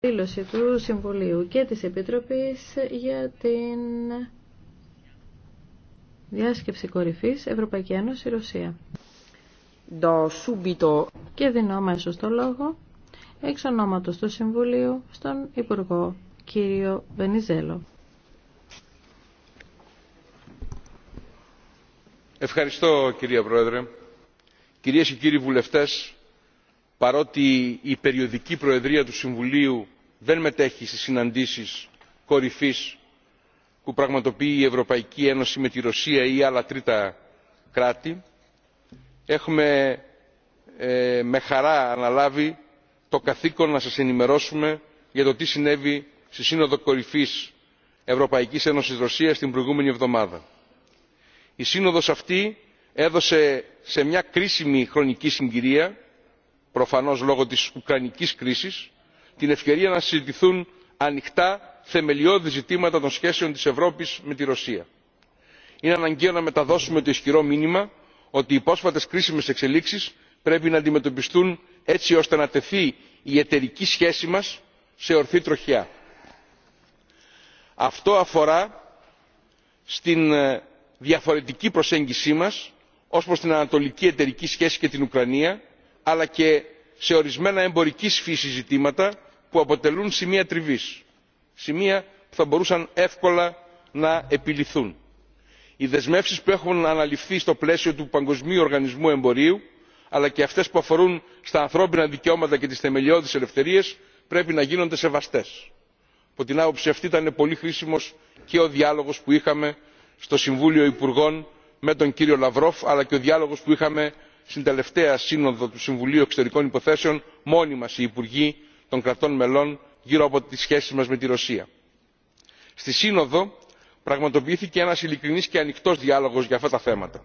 δήλωση του Συμβουλίου και της Επιτροπής για την διάσκεψη κορυφής Ευρωπαϊκή Ένωση Ρωσία. Και δίνω αμέσως το λόγο εξ ονόματος του Συμβουλίου στον Υπουργό κύριο Βενιζέλο. Ευχαριστώ κυρία Πρόεδρε. Κυρίες και κύριοι βουλευτές, παρότι η περιοδική προεδρία του συμβουλίου δεν μετέχει στις συναντήσεις κορυφής που πραγματοποιεί η ευρωπαϊκή ένωση με τη ρωσία ή άλλα τρίτα κράτη έχουμε ε, με χαρά αναλάβει το καθήκον να σας ενημερώσουμε για το τι συνέβη στη σύνοδο κορυφής ευρωπαϊκής ένωσης ρωσίας την προηγούμενη εβδομάδα. η σύνοδος αυτή έδωσε σε μια κρίσιμη χρονική συγκυρία προφανώς λόγω της ουκρανικής κρίσης την ευκαιρία να συζητηθούν ανοιχτά θεμελιώδη ζητήματα των σχέσεων της ευρώπης με τη ρωσία. είναι αναγκαίο να μεταδώσουμε το ισχυρό μήνυμα ότι οι πρόσφατες κρίσιμες εξελίξεις πρέπει να αντιμετωπιστούν έτσι ώστε να τεθεί η εταιρική σχέση μας σε ορθή τροχιά. αυτό αφορά στην ε, διαφορετική προσέγγιση μας ως προς την ανατολική εταιρική σχέση και την ουκρανία αλλά και σε ορισμένα εμπορικής φύσης ζητήματα που αποτελούν σημεία τριβής σημεία που θα μπορούσαν εύκολα να επιληθούν. οι δεσμεύσεις που έχουν αναλυφθεί στο πλαίσιο του παγκοσμίου οργανισμού εμπορίου αλλά και αυτές που αφορούν στα ανθρώπινα δικαιώματα και τις θεμελιώδεις ελευθερίες πρέπει να γίνονται σεβαστές. από την άποψη αυτή ήταν πολύ χρήσιμος και ο διάλογος που είχαμε στο συμβούλιο υπουργών με τον κύριο Λαυρόφ, αλλά και ο διάλογος που είχαμε στην τελευταία σύνοδο του συμβουλίου εξωτερικών υποθέσεων μόνοι μας οι υπουργοί των κρατών μελών γύρω από τις σχέσεις μας με τη ρωσία. στη σύνοδο πραγματοποιήθηκε ένας ειλικρινής και ανοιχτός διάλογος για αυτά τα θέματα.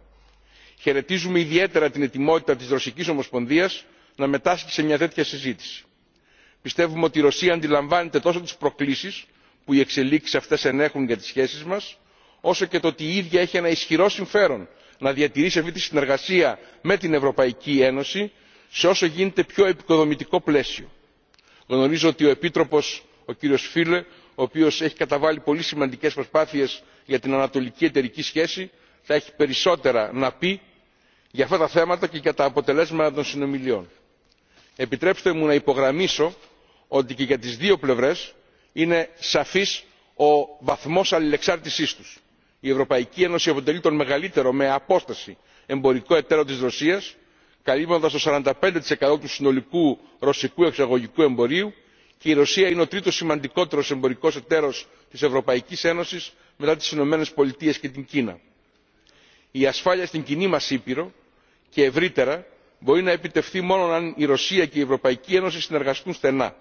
χαιρετίζουμε ιδιαίτερα την ετοιμότητα της ρωσικής ομοσπονδίας να μετάσχει σε μια τέτοια συζήτηση. πιστεύουμε ότι η ρωσία αντιλαμβάνεται τόσο τις προκλήσεις που οι εξελίξεις αυτές ενέχουν για τις σχέσεις μας όσο και το ότι η ίδια έχει ένα ισχυρό συμφέρον να διατηρήσει αυτή τη συνεργασία με την ευρωπαϊκή ένωση σε όσο γίνεται πιο επικοδομητικό πλαίσιο. γνωρίζω ότι ο επίτροπος ο κ. Φίλε, ο οποίος έχει καταβάλει πολύ σημαντικές προσπάθειες για την ανατολική εταιρική σχέση θα έχει περισσότερα να πει για αυτά τα θέματα και για τα αποτελέσματα των συνομιλιών. επιτρέψτε μου να υπογραμμίσω ότι και για τις δύο πλευρές είναι σαφής ο βαθμός αλληλεξάρτησής τους η ευρωπαϊκή ένωση αποτελεί τον μεγαλύτερο με απόσταση εμπορικό εταίρο της ρωσίας καλύπτοντας το 45 του συνολικού ρωσικού εξαγωγικού εμπορίου και η ρωσία είναι ο τρίτος σημαντικότερος εμπορικός εταίρος της ευρωπαϊκής ένωσης μετά τις ηνωμένες πολιτείες και την κίνα. η ασφάλεια στην κοινή μας ήπειρο και ευρύτερα μπορεί να επιτευχθεί μόνο αν η ρωσία και η ευρωπαϊκή ένωση συνεργαστούν στενά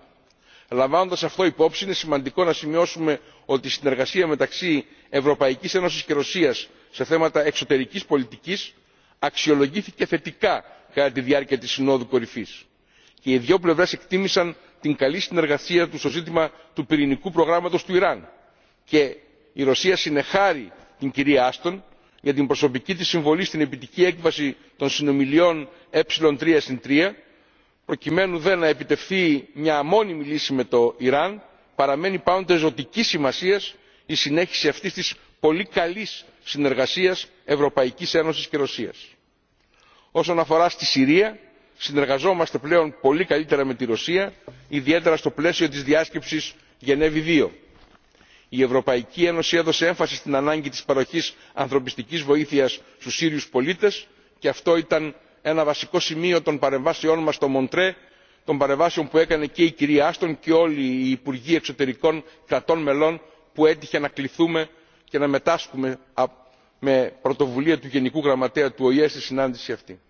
λαμβάνοντας αυτό υπόψη είναι σημαντικό να σημειώσουμε ότι η συνεργασία μεταξύ ευρωπαϊκής ένωσης και ρωσίας σε θέματα εξωτερικής πολιτικής αξιολογήθηκε θετικά κατά τη διάρκεια της συνόδου κορυφής και οι δύο πλευρές εκτίμησαν την καλή συνεργασία του στο ζήτημα του πυρηνικού προγράμματος του ιράν και η ρωσία συνεχάρει την κυρία άστον για την προσωπική της συμβολή στην επιτυχή έκβαση των συνομιλιών ε συν προκειμένου δε να επιτευχθεί μια μόνιμη λύση με το ιράν παραμένει πάντοτε ζωτική σημασίας η συνέχιση αυτής της πολύ καλής συνεργασίας ευρωπαϊκής ένωσης και ρωσίας. όσον αφορά στη συρία συνεργαζόμαστε πλέον πολύ καλύτερα με τη ρωσία ιδιαίτερα στο πλαίσιο της διάσκεψης γενέβη 2. η ευρωπαϊκή ένωση έδωσε έμφαση στην ανάγκη της παροχής ανθρωπιστικής βοήθειας στους σύριους πολίτες και αυτό ήταν ένα βασικό σημείο των παρεμβάσεών μας στο μοντρέ των παρεμβάσεων που έκανε και η κυρία άστον και όλοι οι υπουργοί εξωτερικών κρατών μελών που έτυχε να κληθούμε και να μετάσχουμε με πρωτοβουλία του γενικού γραμματέα του οηε στη συνάντηση αυτή.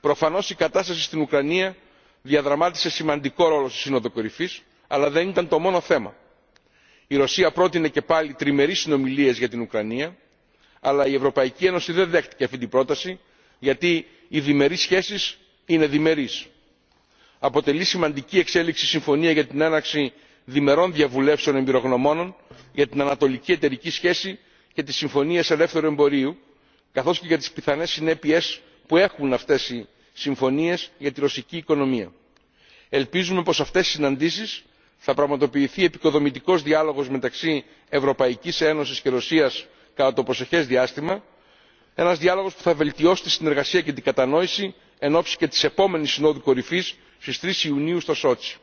προφανώς η κατάσταση στην ουκρανία διαδραμάτισε σημαντικό ρόλο στη σύνοδο κορυφής αλλά δεν ήταν το μόνο θέμα. η ρωσία πρότεινε και πάλι τριμερείς συνομιλίες για την ουκρανία αλλά η ευρωπαϊκή ένωση δεν δέχτηκε αυτή την πρόταση γιατί οι διμερείς σχέσεις είναι διμερείς. αποτελεί σημαντική εξέλιξη συμφωνία για την έναρξη διμερών διαβουλεύσεων εμπειρογνωμόνων για την ανατολική εταιρική σχέση και τις συμφωνίες ελεύθερου εμπορίου καθώς και για τις πιθανές συνέπειες που έχουν αυτές οι συμφωνίες για τη ρωσική οικονομία. ελπίζουμε πως αυτές οι συναντήσεις θα πραγματοποιηθεί επικοδομητικός διάλογος μεταξύ ευρωπαϊκής ένωσης και ρωσίας κατά το προσεχές διάστημα ένα διάλογο που θα βελτιώσει τη συνεργασία και την κατανόηση εν ώψη και τη επόμενη συνόδου κορυφή στι 3 ιουνίου στο σότσι.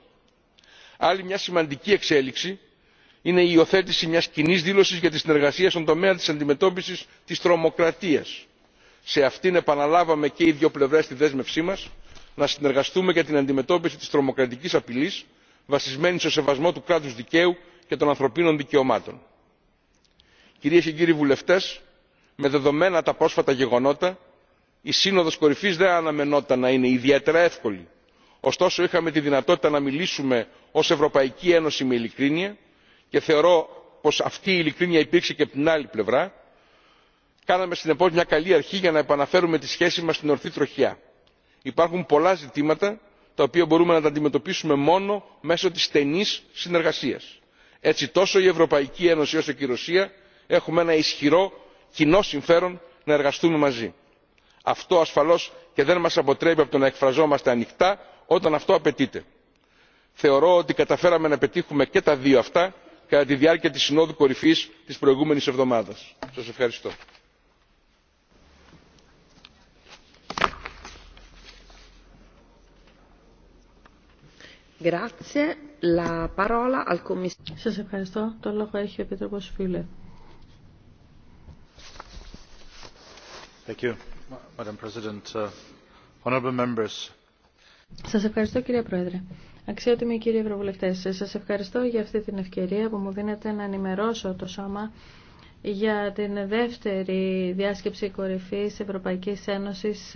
άλλη μια σημαντική εξέλιξη είναι η υιοθέτηση μια κοινή δήλωση για τη συνεργασία στον τομέα τη αντιμετώπιση τη τρομοκρατία. σε αυτήν επαναλάβαμε και οι δύο πλευρέ τη δέσμευσή μα να συνεργαστούμε για την αντιμετώπιση τη τρομοκρατική απειλή βασισμένη στο σεβασμό του κράτου δικαίου και των ανθρωπίνων δικαιωμάτων. κυρίε και κύριοι βουλευτέ με δεδομένα τα πρόσφατα γεγονότα η σύνοδος κορυφής δεν αναμενόταν να είναι ιδιαίτερα εύκολη ωστόσο είχαμε τη δυνατότητα να μιλήσουμε ως ευρωπαϊκή ένωση με ειλικρίνεια και θεωρώ πως αυτή η ειλικρίνεια υπήρξε και από την άλλη πλευρά. κάναμε συνεπώς μια καλή αρχή για να επαναφέρουμε τη σχέση μας στην ορθή τροχιά. υπάρχουν πολλά ζητήματα τα οποία μπορούμε να τα αντιμετωπίσουμε μόνο μέσω της στενής συνεργασίας. έτσι τόσο η ευρωπαϊκή ένωση όσο και η ρωσία έχουμε ένα ισχυρό κοινό συμφέρον να εργαστούμε μαζί. αυτό ασφαλώς και δεν μας αποτρέπει από το να εκφραζόμαστε ανοιχτά όταν αυτό απαιτείται. θεωρώ ότι καταφέραμε να πετύχουμε και τα δύο αυτά κατά τη διάρκεια της συνόδου κορυφής της προηγούμενης εβδομάδας. σας ευχαριστώ. ευχαριστώ. λόγο Uh, σας ευχαριστώ κύριε Πρόεδρε. Αξιότιμοι κύριοι Ευρωβουλευτές, σας ευχαριστώ για αυτή την ευκαιρία που μου δίνετε να ενημερώσω το σώμα για την δεύτερη διάσκεψη κορυφής Ευρωπαϊκής Ένωσης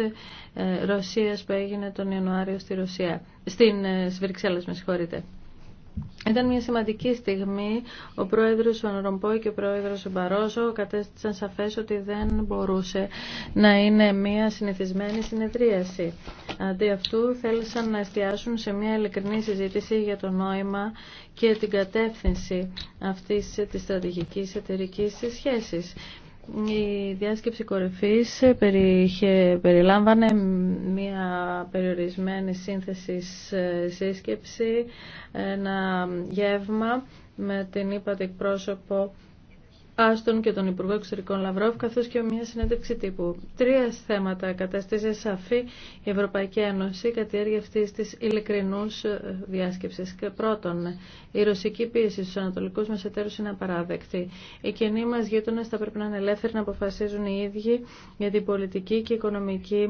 ε, Ρωσίας που έγινε τον Ιανουάριο στη Ρωσία, στην ε, Βρυξέλλες, με συγχωρείτε. Ήταν μια σημαντική στιγμή. Ο πρόεδρος ο Ρομπόη και ο πρόεδρος Μπαρόζο κατέστησαν σαφές ότι δεν μπορούσε να είναι μια συνηθισμένη συνεδρίαση. Αντί αυτού θέλησαν να εστιάσουν σε μια ειλικρινή συζήτηση για το νόημα και την κατεύθυνση αυτής της στρατηγικής εταιρική σχέσης. Η διάσκεψη κορυφής περιλάμβανε μια περιορισμένη σύνθεση σύσκεψη, ένα γεύμα με την είπατε εκπρόσωπο Άστον και τον Υπουργό Εξωτερικών Λαυρόφ, καθώ και μια συνέντευξη τύπου. Τρία θέματα κατέστησε σαφή η Ευρωπαϊκή Ένωση κατά τη αυτή τη ειλικρινού ε, διάσκεψη. Πρώτον, η ρωσική πίεση στου ανατολικού μα εταίρου είναι απαράδεκτη. Οι κοινοί μα γείτονε θα πρέπει να είναι ελεύθεροι να αποφασίζουν οι ίδιοι για την πολιτική και οικονομική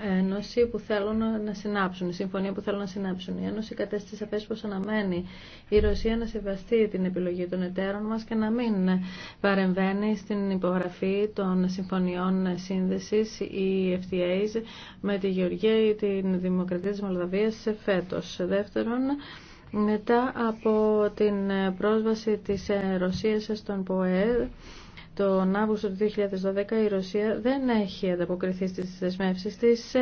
Ένωση που θέλουν να συνάψουν, η συμφωνία που θέλουν να συνάψουν. Η Ένωση κατέστησε σαφές πως αναμένει η Ρωσία να σεβαστεί την επιλογή των εταίρων μας και να μην παρεμβαίνει στην υπογραφή των συμφωνιών σύνδεσης ή FTAs με τη Γεωργία ή την Δημοκρατία της Μολδαβίας φέτος. Δεύτερον, μετά από την πρόσβαση της Ρωσίας στον ΠΟΕΔ τον Αύγουστο του 2012 η Ρωσία δεν έχει ανταποκριθεί στις δεσμεύσεις της.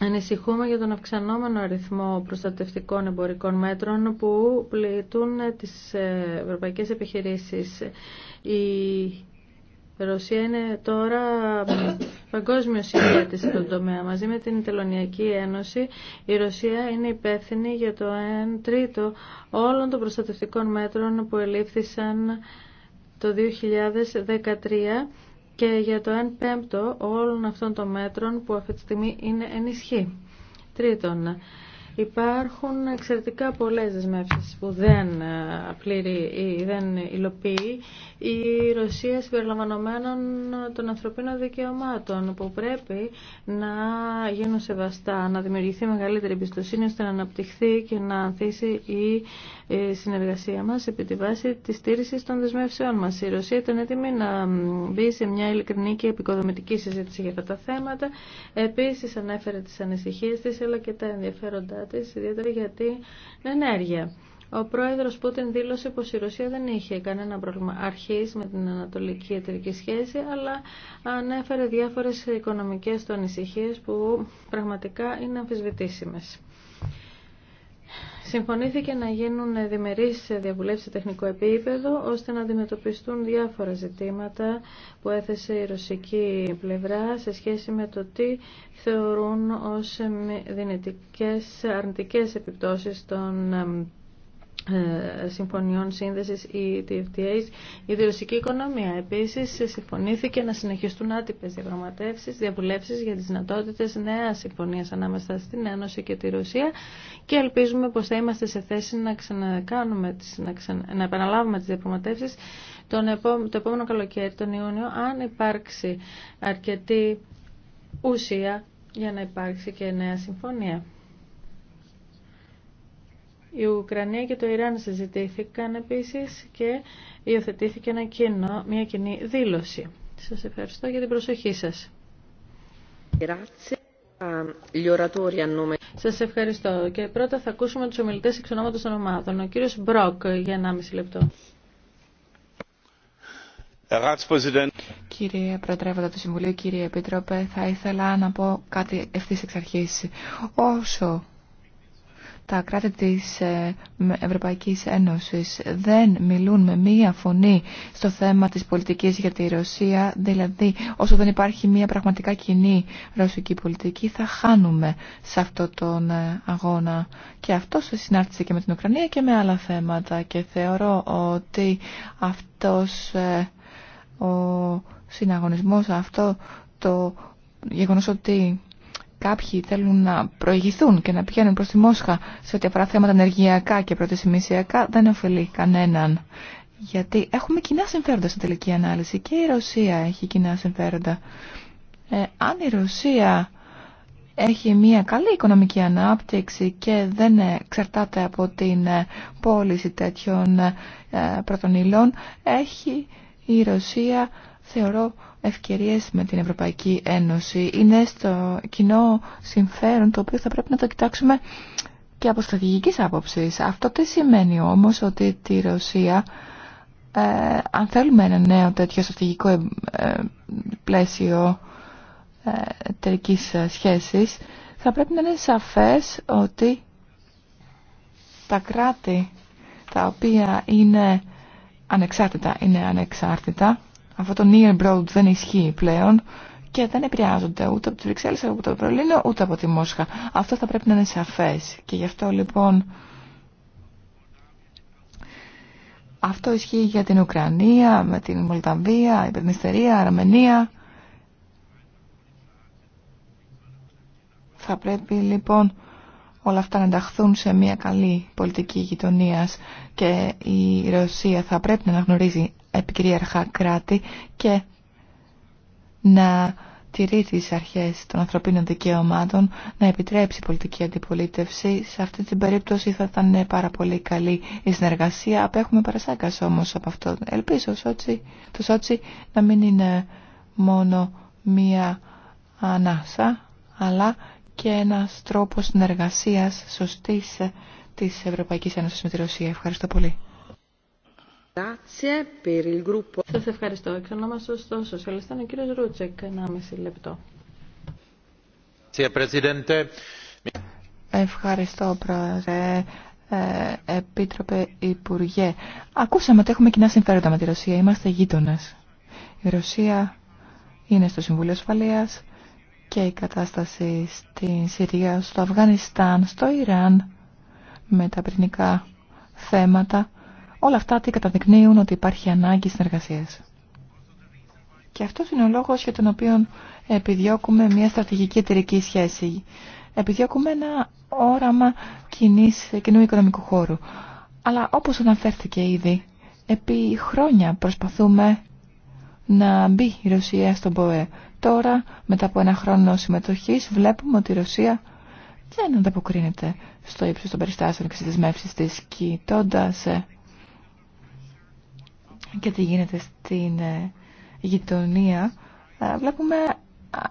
Ανησυχούμε για τον αυξανόμενο αριθμό προστατευτικών εμπορικών μέτρων που πλητούν τις ε, ευρωπαϊκές επιχειρήσεις. Η Ρωσία είναι τώρα παγκόσμιο ηγέτη στον τομέα. Μαζί με την Τελωνιακή Ένωση, η Ρωσία είναι υπεύθυνη για το 1 τρίτο όλων των προστατευτικών μέτρων που ελήφθησαν το 2013 και για το 1 πέμπτο όλων αυτών των μέτρων που αυτή τη στιγμή είναι ενισχύ. Τρίτον, Υπάρχουν εξαιρετικά πολλές δεσμεύσεις που δεν, ε, πλήρει, ή δεν υλοποιεί η Ρωσία συμπεριλαμβανομένων των ανθρωπίνων δικαιωμάτων που πρέπει να γίνουν σεβαστά, να δημιουργηθεί μεγαλύτερη εμπιστοσύνη ώστε να αναπτυχθεί και να ανθίσει η ε, συνεργασία μας επί τη βάση της στήριξης των δεσμεύσεών μας. Η Ρωσία ήταν έτοιμη να μπει σε μια ειλικρινή και επικοδομητική συζήτηση για αυτά τα θέματα. Επίσης ανέφερε τις ανησυχίες της αλλά και τα ενδιαφέροντα της, ιδιαίτερα γιατί την ενέργεια. Ο πρόεδρος Πούτιν δήλωσε πω η Ρωσία δεν είχε κανένα πρόβλημα αρχή με την ανατολική εταιρική σχέση, αλλά ανέφερε διάφορες οικονομικές του ανησυχίες που πραγματικά είναι αμφισβητήσιμες. Συμφωνήθηκε να γίνουν διμερείς διαβουλεύσεις σε τεχνικό επίπεδο ώστε να αντιμετωπιστούν διάφορα ζητήματα που έθεσε η ρωσική πλευρά σε σχέση με το τι θεωρούν ως δυνητικές αρνητικές επιπτώσεις των ε, συμφωνιών σύνδεσης ή TFTAs η τη ρωσική οικονομία. Επίσης, συμφωνήθηκε να συνεχιστούν άτυπες διαπραγματεύσεις, διαβουλεύσεις για τις δυνατότητες νέας συμφωνίας ανάμεσα στην Ένωση και τη Ρωσία και ελπίζουμε πως θα είμαστε σε θέση να, να, να επαναλάβουμε τις διαπραγματεύσεις τον το επόμενο καλοκαίρι, τον Ιούνιο, αν υπάρξει αρκετή ουσία για να υπάρξει και νέα συμφωνία. Η Ουκρανία και το Ιράν συζητήθηκαν επίσης και υιοθετήθηκε ένα κοινό, μια κοινή δήλωση. Σας ευχαριστώ για την προσοχή σας. Σα ευχαριστώ. Και πρώτα θα ακούσουμε του ομιλητέ εξ ονόματος των ομάδων. Ο κύριο Μπροκ για ένα μισή λεπτό. Κύριε Προεδρεύοντα του Συμβουλίου, κύριε Επίτροπε, θα ήθελα να πω κάτι ευθύ εξ αρχή. Όσο τα κράτη της ε, Ευρωπαϊκής Ένωσης δεν μιλούν με μία φωνή στο θέμα της πολιτικής για τη Ρωσία, δηλαδή όσο δεν υπάρχει μία πραγματικά κοινή ρωσική πολιτική θα χάνουμε σε αυτό τον ε, αγώνα. Και αυτό σε συνάρτηση και με την Ουκρανία και με άλλα θέματα και θεωρώ ότι αυτός ε, ο συναγωνισμός αυτό το γεγονός ότι Κάποιοι θέλουν να προηγηθούν και να πηγαίνουν προς τη Μόσχα σε ό,τι αφορά θέματα ενεργειακά και πρωτοσημισιακά δεν ωφελεί κανέναν. Γιατί έχουμε κοινά συμφέροντα στην τελική ανάλυση και η Ρωσία έχει κοινά συμφέροντα. Ε, αν η Ρωσία έχει μια καλή οικονομική ανάπτυξη και δεν εξαρτάται από την ε, πώληση τέτοιων ε, ε, πρωτονυλών, έχει η Ρωσία, θεωρώ, ευκαιρίες με την Ευρωπαϊκή Ένωση είναι στο κοινό συμφέρον το οποίο θα πρέπει να το κοιτάξουμε και από στρατηγικής άποψης. Αυτό τι σημαίνει όμως ότι τη Ρωσία ε, αν θέλουμε ένα νέο τέτοιο στρατηγικό ε, ε πλαίσιο ε, εταιρικής σχέσης θα πρέπει να είναι σαφές ότι τα κράτη τα οποία είναι ανεξάρτητα, είναι ανεξάρτητα αυτό το near broad δεν ισχύει πλέον και δεν επηρεάζονται ούτε από τις Βρυξέλλες, ούτε από το Προλίνο ούτε από τη Μόσχα. Αυτό θα πρέπει να είναι σαφές. Και γι' αυτό λοιπόν αυτό ισχύει για την Ουκρανία, με την Μολδαβία, η Περνιστερία, Αρμενία. Θα πρέπει λοιπόν όλα αυτά να ενταχθούν σε μια καλή πολιτική γειτονία και η Ρωσία θα πρέπει να αναγνωρίζει επικυρίαρχα κράτη και να τηρεί τις αρχές των ανθρωπίνων δικαιωμάτων, να επιτρέψει πολιτική αντιπολίτευση. Σε αυτή την περίπτωση θα ήταν πάρα πολύ καλή η συνεργασία. Απέχουμε παρασάγκας όμως από αυτό. Ελπίζω το Σότσι να μην είναι μόνο μία ανάσα, αλλά και ένας τρόπος συνεργασίας σωστής της Ευρωπαϊκής Ένωσης με τη Ρωσία. Ευχαριστώ πολύ ευχαριστώ. Εξ στο των ο κύριο Ρούτσεκ, Ευχαριστώ, Πρόεδρε. Ε, Επίτροπε Υπουργέ. Ακούσαμε ότι έχουμε κοινά συμφέροντα με τη Ρωσία. Είμαστε γείτονε. Η Ρωσία είναι στο Συμβούλιο Ασφαλεία και η κατάσταση στην Συρία, στο Αφγανιστάν, στο Ιράν με τα πυρηνικά θέματα Όλα αυτά τι καταδεικνύουν ότι υπάρχει ανάγκη συνεργασίας. Και αυτό είναι ο λόγος για τον οποίο επιδιώκουμε μια στρατηγική εταιρική σχέση. Επιδιώκουμε ένα όραμα κοινής, κοινού οικονομικού χώρου. Αλλά όπως αναφέρθηκε ήδη, επί χρόνια προσπαθούμε να μπει η Ρωσία στον ΠΟΕ. Τώρα, μετά από ένα χρόνο συμμετοχής, βλέπουμε ότι η Ρωσία δεν ανταποκρίνεται στο ύψος των περιστάσεων και στις δεσμεύσεις της, κοιτώντας ε, και τι γίνεται στην ε, γειτονία, ε, βλέπουμε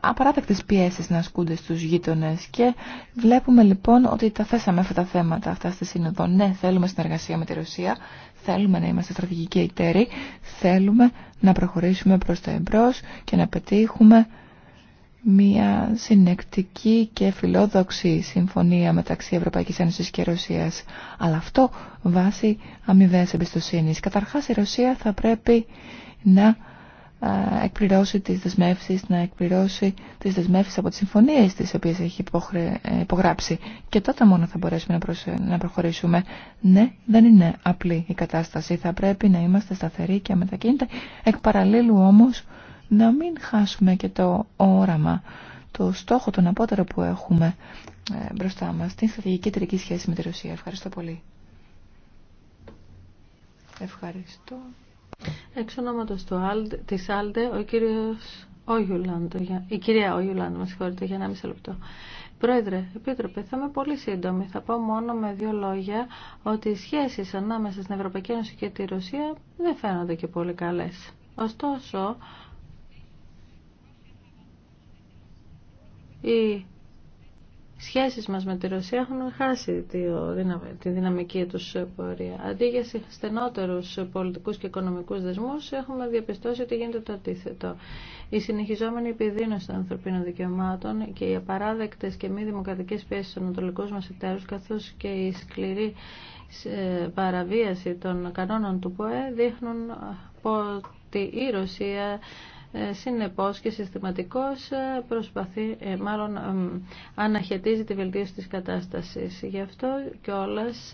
απαράδεκτες πιέσεις να ασκούνται στους γείτονες και βλέπουμε λοιπόν ότι τα θέσαμε αυτά τα θέματα αυτά στη Σύνοδο. Ναι, θέλουμε συνεργασία με τη Ρωσία, θέλουμε να είμαστε στρατηγικοί εταίροι, θέλουμε να προχωρήσουμε προς τα εμπρός και να πετύχουμε μια συνεκτική και φιλόδοξη συμφωνία μεταξύ Ευρωπαϊκής Ένωσης και Ρωσίας. Αλλά αυτό βάσει αμοιβές εμπιστοσύνης. Καταρχάς η Ρωσία θα πρέπει να εκπληρώσει τις δεσμεύσεις, να εκπληρώσει τις δεσμεύσεις από τις συμφωνίες τις οποίες έχει ε, υπογράψει. Και τότε μόνο θα μπορέσουμε να προχωρήσουμε. Ναι, δεν είναι απλή η κατάσταση. Θα πρέπει να είμαστε σταθεροί και αμετακίνητα. Εκ παραλλήλου όμως να μην χάσουμε και το όραμα, το στόχο, τον απότερο που έχουμε ε, μπροστά μας, την στρατηγική εταιρική σχέση με τη Ρωσία. Ευχαριστώ πολύ. Ευχαριστώ. Εξ ονόματος του Άλτε, της Άλντε, ο κύριος Όγιουλάντο, η κυρία Όγιουλάντο, με συγχωρείτε, για ένα μισό λεπτό. Πρόεδρε, Επίτροπε, θα είμαι πολύ σύντομη. Θα πω μόνο με δύο λόγια ότι οι σχέσει ανάμεσα στην Ευρωπαϊκή Ένωση και τη Ρωσία δεν φαίνονται και πολύ καλέ. Ωστόσο, οι σχέσεις μας με τη Ρωσία έχουν χάσει τη δυναμική τους πορεία. Αντί για στενότερους πολιτικούς και οικονομικούς δεσμούς, έχουμε διαπιστώσει ότι γίνεται το αντίθετο. Η συνεχιζόμενη επιδείνωση των ανθρωπίνων δικαιωμάτων και οι απαράδεκτες και μη δημοκρατικές πιέσεις των ανατολικών μας εταίρους, καθώς και η σκληρή ε, παραβίαση των κανόνων του ΠΟΕ, δείχνουν ε, ότι η Ρωσία ε, συνεπώς και συστηματικώς ε, προσπαθεί, ε, μάλλον αναχαιτίζει τη βελτίωση της κατάστασης. Γι' αυτό κιόλας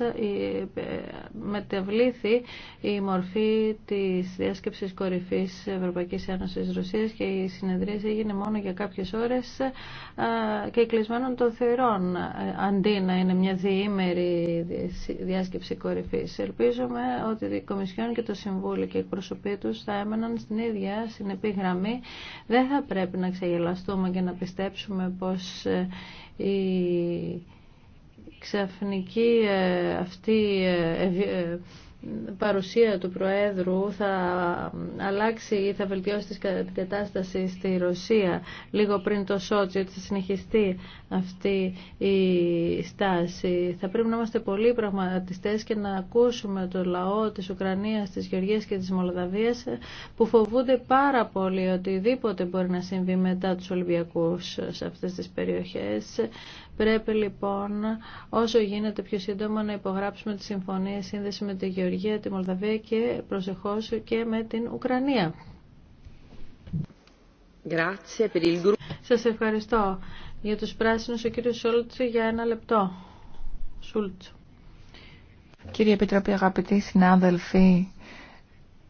μετεβλήθη η μορφή της διάσκεψης κορυφής Ευρωπαϊκής Ένωσης Ρωσίας και η συνεδρία έγινε μόνο για κάποιες ώρες και κλεισμένων των θεωρών αντί να είναι μια διήμερη διάσκεψη κορυφής. Ελπίζουμε ότι η Κομισιόν και το Συμβούλιο και οι εκπροσωποί θα έμεναν στην ίδια συνεπίγραμμα δεν θα πρέπει να ξεγελαστούμε και να πιστέψουμε πως ε, η ξαφνική ε, αυτή ε, παρουσία του Προέδρου θα αλλάξει ή θα βελτιώσει την κατάσταση στη Ρωσία λίγο πριν το Σότσι, ότι θα συνεχιστεί αυτή η στάση. Θα πρέπει να είμαστε πολύ πραγματιστές και να ακούσουμε το λαό της Ουκρανίας, της Γεωργίας και της Μολδαβίας που φοβούνται πάρα πολύ οτιδήποτε μπορεί να συμβεί μετά τους Ολυμπιακούς σε αυτές τις περιοχές Πρέπει λοιπόν όσο γίνεται πιο σύντομα να υπογράψουμε τη συμφωνία σύνδεση με τη Γεωργία, τη Μολδαβία και προσεχώς και με την Ουκρανία. Σας ευχαριστώ. Για τους πράσινους ο κύριος Σόλτς για ένα λεπτό. Κύριε Επιτροπή, αγαπητοί συνάδελφοι,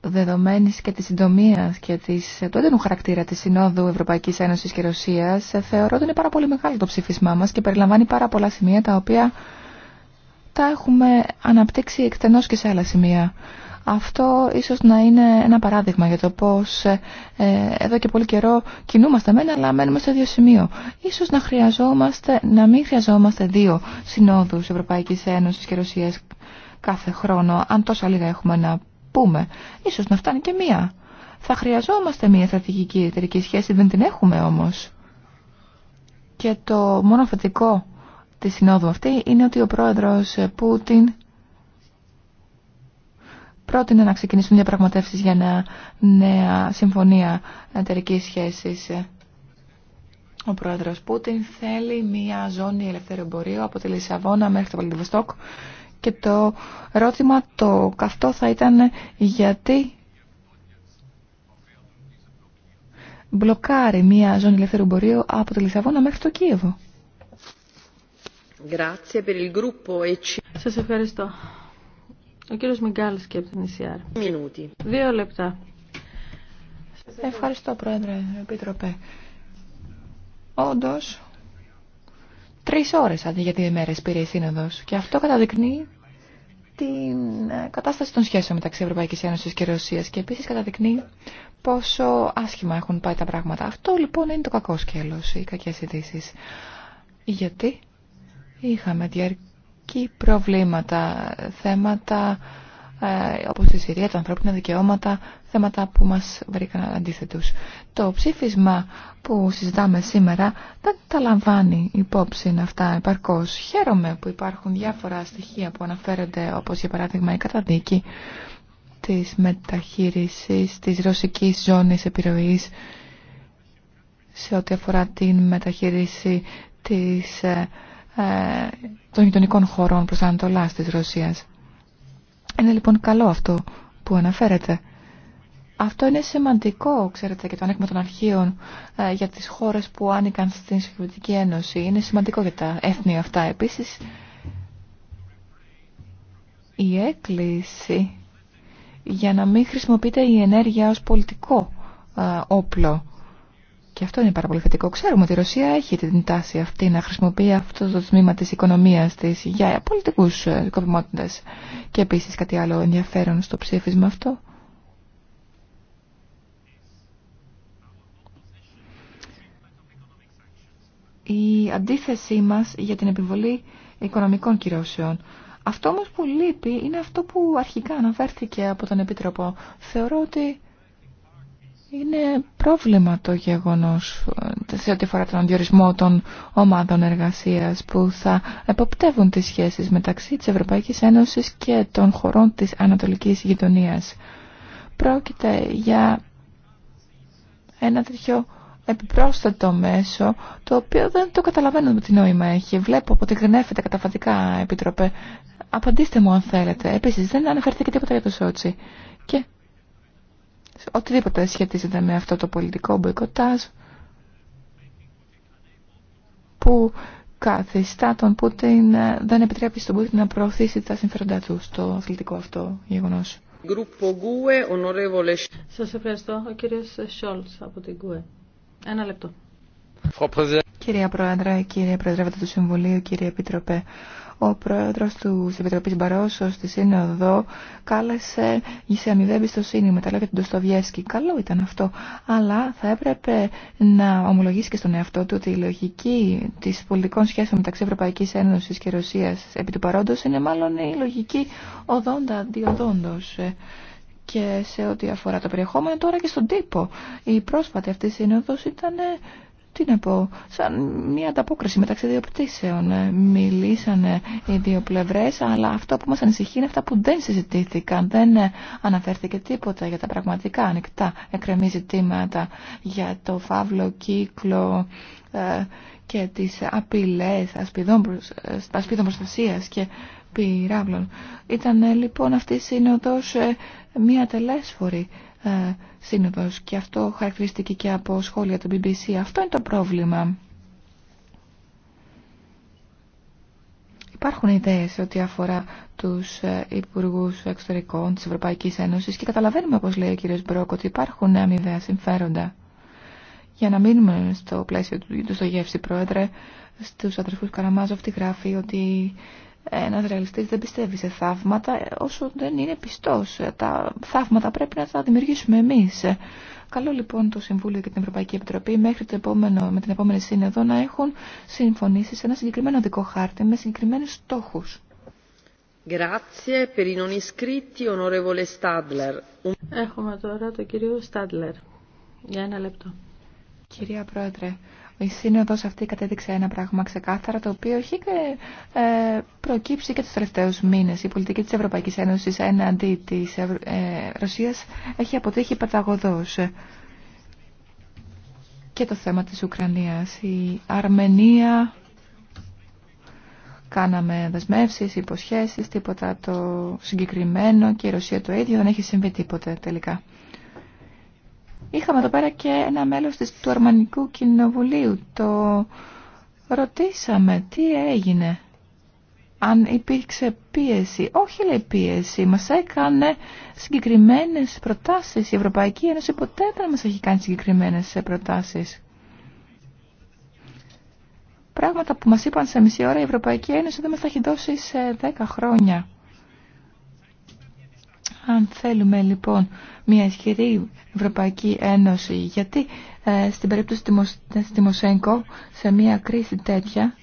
δεδομένη και τη συντομία και της, ε, του έντονου χαρακτήρα τη Συνόδου Ευρωπαϊκή Ένωση και Ρωσία, ε, θεωρώ ότι είναι πάρα πολύ μεγάλο το ψήφισμά μα και περιλαμβάνει πάρα πολλά σημεία τα οποία τα έχουμε αναπτύξει εκτενώς και σε άλλα σημεία. Αυτό ίσω να είναι ένα παράδειγμα για το πώ ε, ε, εδώ και πολύ καιρό κινούμαστε μένα, αλλά μένουμε στο ίδιο σημείο. Ίσως να, χρειαζόμαστε, να μην χρειαζόμαστε δύο συνόδου Ευρωπαϊκή Ένωση και Ρωσία κάθε χρόνο, αν τόσα λίγα έχουμε να πούμε. Ίσως να φτάνει και μία. Θα χρειαζόμαστε μία στρατηγική εταιρική σχέση, δεν την έχουμε όμως. Και το μόνο φετικό της συνόδου αυτή είναι ότι ο πρόεδρος Πούτιν πρότεινε να ξεκινήσουν διαπραγματεύσεις για μια νέα συμφωνία εταιρική σχέσης. Ο πρόεδρος Πούτιν θέλει μια ζώνη ελευθερου εμπορίου από τη Λισαβόνα μέχρι το Βαλτιβοστόκ και το ερώτημα το καυτό θα ήταν γιατί μπλοκάρει μια ζώνη ελεύθερου εμπορίου από τη Λισαβόνα μέχρι το Κίεβο. E Σας ευχαριστώ. Ο κύριος Μιγκάλης και από την ΕΣΥΑΡ. Δύο λεπτά. Ευχαριστώ, Πρόεδρε, Επίτροπε. Όντω, τρεις ώρες αντί για δύο μέρε πήρε η Σύνοδος Και αυτό καταδεικνύει την ε, κατάσταση των σχέσεων μεταξύ Ευρωπαϊκής Ένωσης και Ρωσίας και επίσης καταδεικνύει πόσο άσχημα έχουν πάει τα πράγματα. Αυτό λοιπόν είναι το κακό σκέλος, οι κακές ειδήσει. Γιατί είχαμε διαρκή προβλήματα, θέματα ε, όπως στη Συρία, τα ανθρώπινα δικαιώματα, θέματα που μας βρήκαν αντίθετους. Το ψήφισμα που συζητάμε σήμερα δεν τα λαμβάνει υπόψη αυτά επαρκώς. Χαίρομαι που υπάρχουν διάφορα στοιχεία που αναφέρονται, όπως για παράδειγμα η καταδίκη της μεταχείρισης της ρωσικής ζώνης επιρροής σε ό,τι αφορά την μεταχείριση της, ε, ε, των γειτονικών χωρών προς Ανατολά της Ρωσίας. Είναι λοιπόν καλό αυτό που αναφέρετε. Αυτό είναι σημαντικό, ξέρετε, και το άνοιγμα των αρχείων ε, για τις χώρες που άνοικαν στην Σοβιετική Ένωση. Είναι σημαντικό για τα έθνη αυτά. Επίσης, η έκκληση για να μην χρησιμοποιείται η ενέργεια ως πολιτικό ε, όπλο και αυτό είναι πάρα πολύ θετικό. Ξέρουμε ότι η Ρωσία έχει την τάση αυτή να χρησιμοποιεί αυτό το τμήμα της οικονομίας της για πολιτικούς ε, σκοπιμότητες. Και επίσης κάτι άλλο ενδιαφέρον στο ψήφισμα αυτό. Η αντίθεσή μας για την επιβολή οικονομικών κυρώσεων. Αυτό όμως που λείπει είναι αυτό που αρχικά αναφέρθηκε από τον Επίτροπο. Θεωρώ ότι είναι πρόβλημα το γεγονός ε, σε ό,τι αφορά τον διορισμό των ομάδων εργασίας που θα εποπτεύουν τις σχέσεις μεταξύ της Ευρωπαϊκής Ένωσης και των χωρών της Ανατολικής Γειτονίας. Πρόκειται για ένα τέτοιο επιπρόσθετο μέσο το οποίο δεν το καταλαβαίνω με τι νόημα έχει. Βλέπω ότι γνέφεται καταφατικά, Επίτροπε. Απαντήστε μου αν θέλετε. Επίσης δεν αναφέρθηκε τίποτα για το Σότσι. Και οτιδήποτε σχετίζεται με αυτό το πολιτικό μποϊκοτάζ που καθιστά τον Πούτιν ε, δεν επιτρέπει στον Πούτιν να προωθήσει τα συμφέροντά του στο αθλητικό αυτό γεγονός. Σα ευχαριστώ. Ο κύριος από την ΚΟΕ. Ένα λεπτό. Κυρία Πρόεδρε, κύριε Προεδρεύοντα του Συμβουλίου, κύριε Επιτροπέ, ο πρόεδρος του της Επιτροπής Μπαρόσο στη Σύνοδο κάλεσε σε αμοιβή εμπιστοσύνη με τα λόγια του Ντοστοβιέσκη. Καλό ήταν αυτό, αλλά θα έπρεπε να ομολογήσει και στον εαυτό του ότι η λογική της πολιτικών σχέσεων μεταξύ Ευρωπαϊκής Ένωσης και Ρωσίας επί του παρόντος είναι μάλλον η λογική οδόντα αντιοδόντος και σε ό,τι αφορά το περιεχόμενο τώρα και στον τύπο. Η πρόσφατη αυτή σύνοδος ήταν τι να πω, σαν μια ανταπόκριση μεταξύ δύο πτήσεων. Ε, μιλήσανε οι δύο πλευρές, αλλά αυτό που μας ανησυχεί είναι αυτά που δεν συζητήθηκαν. Δεν ε, αναφέρθηκε τίποτα για τα πραγματικά ανοιχτά εκκρεμή ζητήματα, για το φαύλο κύκλο ε, και τις απειλές ασπιδών, Προστασία και πυράβλων. Ήταν λοιπόν αυτή η σύνοδος μια τελέσφορη ε, σύνοδος και αυτό χαρακτηρίστηκε και από σχόλια του BBC. Αυτό είναι το πρόβλημα. Υπάρχουν ιδέες ό,τι αφορά τους ε, υπουργούς εξωτερικών της Ευρωπαϊκής Ένωσης και καταλαβαίνουμε, όπως λέει ο κύριος Μπρόκ, ότι υπάρχουν αμοιβαία συμφέροντα. Για να μείνουμε στο πλαίσιο του, στο γεύση πρόεδρε, στους αδερφούς Καραμάζοφ τη γράφει ότι ένας ρεαλιστής δεν πιστεύει σε θαύματα όσο δεν είναι πιστός. Τα θαύματα πρέπει να τα δημιουργήσουμε εμείς. Καλό λοιπόν το Συμβούλιο και την Ευρωπαϊκή Επιτροπή μέχρι το επόμενο, με την επόμενη σύνοδο να έχουν συμφωνήσει σε ένα συγκεκριμένο δικό χάρτη με συγκεκριμένους στόχους. Έχουμε τώρα τον κύριο Στάντλερ. Για ένα λεπτό. Κυρία Πρόεδρε, η σύνοδος αυτή κατέδειξε ένα πράγμα ξεκάθαρα, το οποίο έχει και, ε, προκύψει και τους τελευταίους μήνες. Η πολιτική της Ευρωπαϊκής Ένωσης έναντι της ε, Ρωσίας έχει αποτύχει παταγωδός. Και το θέμα της Ουκρανίας. Η Αρμενία κάναμε δεσμεύσεις, υποσχέσεις, τίποτα το συγκεκριμένο και η Ρωσία το ίδιο δεν έχει συμβεί τίποτα τελικά. Είχαμε εδώ πέρα και ένα μέλος της, του Αρμανικού Κοινοβουλίου. Το ρωτήσαμε τι έγινε. Αν υπήρξε πίεση. Όχι λέει πίεση. Μας έκανε συγκεκριμένες προτάσεις. Η Ευρωπαϊκή Ένωση ποτέ δεν μας έχει κάνει συγκεκριμένες προτάσεις. Πράγματα που μας είπαν σε μισή ώρα η Ευρωπαϊκή Ένωση δεν μας τα έχει δώσει σε 10 χρόνια. Αν θέλουμε λοιπόν μια ισχυρή Ευρωπαϊκή Ένωση, γιατί ε, στην περίπτωση της Τιμοσέγκο, σε μια κρίση τέτοια,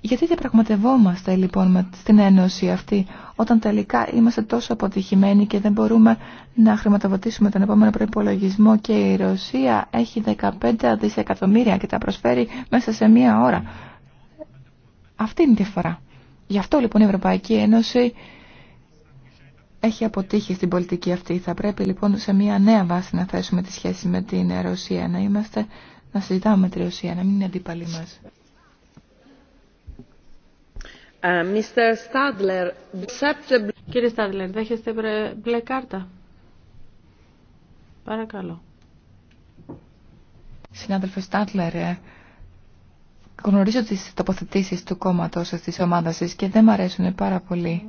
γιατί διαπραγματευόμαστε λοιπόν στην Ένωση αυτή, όταν τελικά είμαστε τόσο αποτυχημένοι και δεν μπορούμε να χρηματοδοτήσουμε τον επόμενο προϋπολογισμό και η Ρωσία έχει 15 δισεκατομμύρια και τα προσφέρει μέσα σε μία ώρα. Αυτή είναι η διαφορά. Γι' αυτό λοιπόν η Ευρωπαϊκή Ένωση έχει αποτύχει στην πολιτική αυτή. Θα πρέπει λοιπόν σε μια νέα βάση να θέσουμε τη σχέση με την Ρωσία, να είμαστε, να συζητάμε με τη Ρωσία, να μην είναι αντίπαλοι μας. Ε, Mr. Stadler, Κύριε Στάντλερ, δέχεστε μπλε κάρτα. Παρακαλώ. Συνάδελφε Στάντλερ, ε, γνωρίζω τις τοποθετήσεις του κόμματός σας, της ομάδας σας και δεν μ' αρέσουν πάρα πολύ.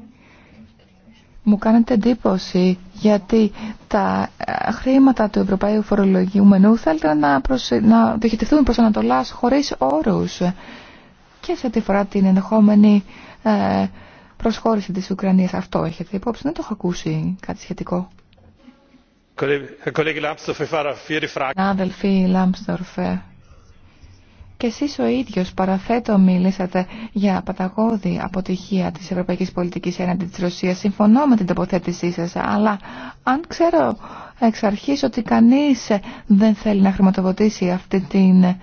Μου κάνετε εντύπωση γιατί τα ε, χρήματα του Ευρωπαϊκού Φορολογιουμενού θέλετε να, προσ... να διοχετευτούν προς Ανατολάς χωρίς όρους και σε τη φορά την ενδεχόμενη ε, προσχώρηση της Ουκρανίας. Αυτό έχετε υπόψη, δεν το έχω ακούσει κάτι σχετικό. Ε, Αδελφοί Λάμπστορφ, και εσείς ο ίδιος παραθέτω μίλησατε για παταγώδη αποτυχία της ευρωπαϊκής πολιτικής έναντι της Ρωσίας. Συμφωνώ με την τοποθέτησή σας, αλλά αν ξέρω εξ αρχής ότι κανείς δεν θέλει να χρηματοδοτήσει αυτή την ε,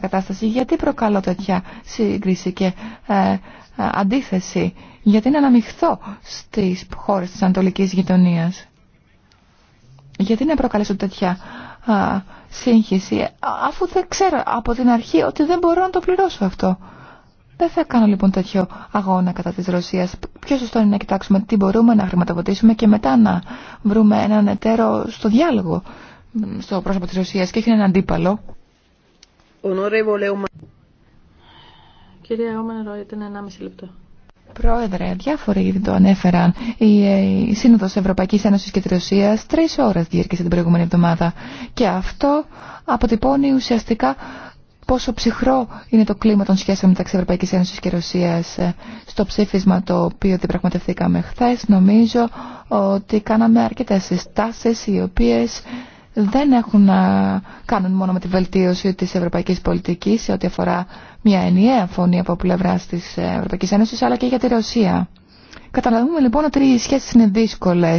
κατάσταση, γιατί προκαλώ τέτοια σύγκριση και ε, ε, αντίθεση, γιατί να αναμειχθώ στις χώρες της Ανατολικής Γειτονίας. Γιατί να προκαλέσω τέτοια σύγχυση αφού δεν ξέρω από την αρχή ότι δεν μπορώ να το πληρώσω αυτό. Δεν θα κάνω λοιπόν τέτοιο αγώνα κατά της Ρωσίας. Πιο σωστό είναι να κοιτάξουμε τι μπορούμε να χρηματοδοτήσουμε και μετά να βρούμε έναν εταίρο στο διάλογο στο πρόσωπο της Ρωσίας και έχει έναν αντίπαλο. Κυρία ήταν ένα μισή λεπτό. Πρόεδρε, διάφοροι το ανέφεραν. Η Σύνοδο Ευρωπαϊκή Ένωση και τη Ρωσία τρει ώρε διήρκησε την προηγούμενη εβδομάδα. Και αυτό αποτυπώνει ουσιαστικά πόσο ψυχρό είναι το κλίμα των σχέσεων μεταξύ Ευρωπαϊκή Ένωση και Ρωσία. Ε, στο ψήφισμα το οποίο διαπραγματευθήκαμε χθε. Νομίζω ότι κάναμε αρκετέ συστάσει οι οποίε δεν έχουν να κάνουν μόνο με τη βελτίωση της ευρωπαϊκής πολιτικής σε ό,τι αφορά μια ενιαία φωνή από πλευρά τη Ευρωπαϊκή Ένωση αλλά και για τη Ρωσία. Καταλαβαίνουμε λοιπόν ότι οι σχέσει είναι δύσκολε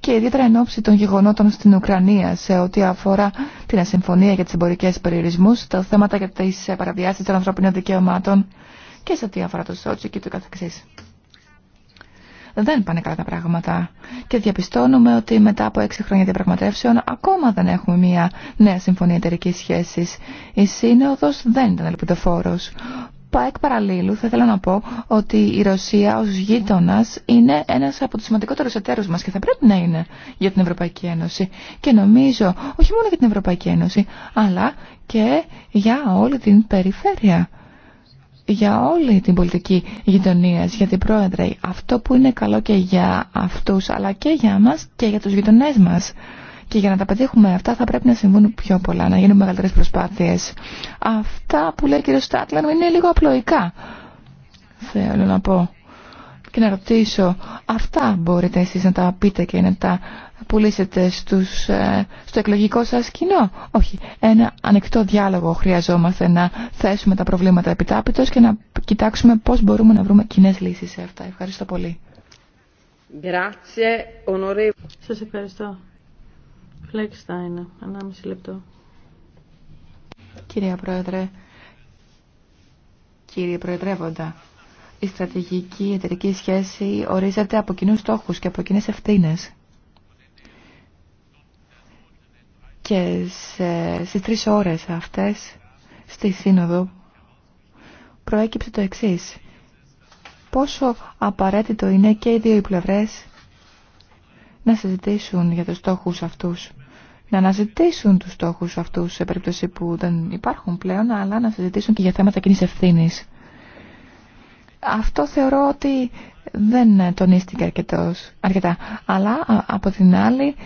και ιδιαίτερα εν ώψη των γεγονότων στην Ουκρανία σε ό,τι αφορά την ασυμφωνία για τι εμπορικέ περιορισμού, τα θέματα για τι παραβιάσει των ανθρωπίνων δικαιωμάτων και σε ό,τι αφορά το Σότσι και το καθεξής δεν πάνε καλά τα πράγματα. Και διαπιστώνουμε ότι μετά από έξι χρόνια διαπραγματεύσεων ακόμα δεν έχουμε μια νέα συμφωνία εταιρική σχέση. Η σύνοδο δεν ήταν ελπιδοφόρο. Εκ παραλίλου θα ήθελα να πω ότι η Ρωσία ως γείτονα είναι ένας από τους σημαντικότερους εταίρους μας και θα πρέπει να είναι για την Ευρωπαϊκή Ένωση. Και νομίζω όχι μόνο για την Ευρωπαϊκή Ένωση αλλά και για όλη την περιφέρεια για όλη την πολιτική γειτονία, για την πρόεδρε. Αυτό που είναι καλό και για αυτούς, αλλά και για μας και για τους γειτονές μας. Και για να τα πετύχουμε αυτά θα πρέπει να συμβούν πιο πολλά, να γίνουν μεγαλύτερε προσπάθειες. Αυτά που λέει ο κ. Στάτλαν είναι λίγο απλοϊκά, θέλω να πω και να ρωτήσω, αυτά μπορείτε εσείς να τα πείτε και να τα πουλήσετε ε, στο εκλογικό σας κοινό. Όχι, ένα ανοιχτό διάλογο χρειαζόμαστε να θέσουμε τα προβλήματα επιτάπητος και να κοιτάξουμε πώς μπορούμε να βρούμε κοινέ λύσεις σε αυτά. Ευχαριστώ πολύ. Σας ευχαριστώ. Fleckstein, 1,5 λεπτό. Κυρία Πρόεδρε, κύριε Προεδρεύοντα, η στρατηγική η εταιρική σχέση ορίζεται από κοινού στόχους και από κοινέ ευθύνε. Και σε, στις τρεις ώρες αυτές, στη Σύνοδο, προέκυψε το εξής. Πόσο απαραίτητο είναι και οι δύο οι πλευρές να συζητήσουν για τους στόχους αυτούς. Να αναζητήσουν τους στόχους αυτούς σε περίπτωση που δεν υπάρχουν πλέον, αλλά να συζητήσουν και για θέματα κοινής ευθύνης. Αυτό θεωρώ ότι δεν τονίστηκε αρκετά. Αλλά από την άλλη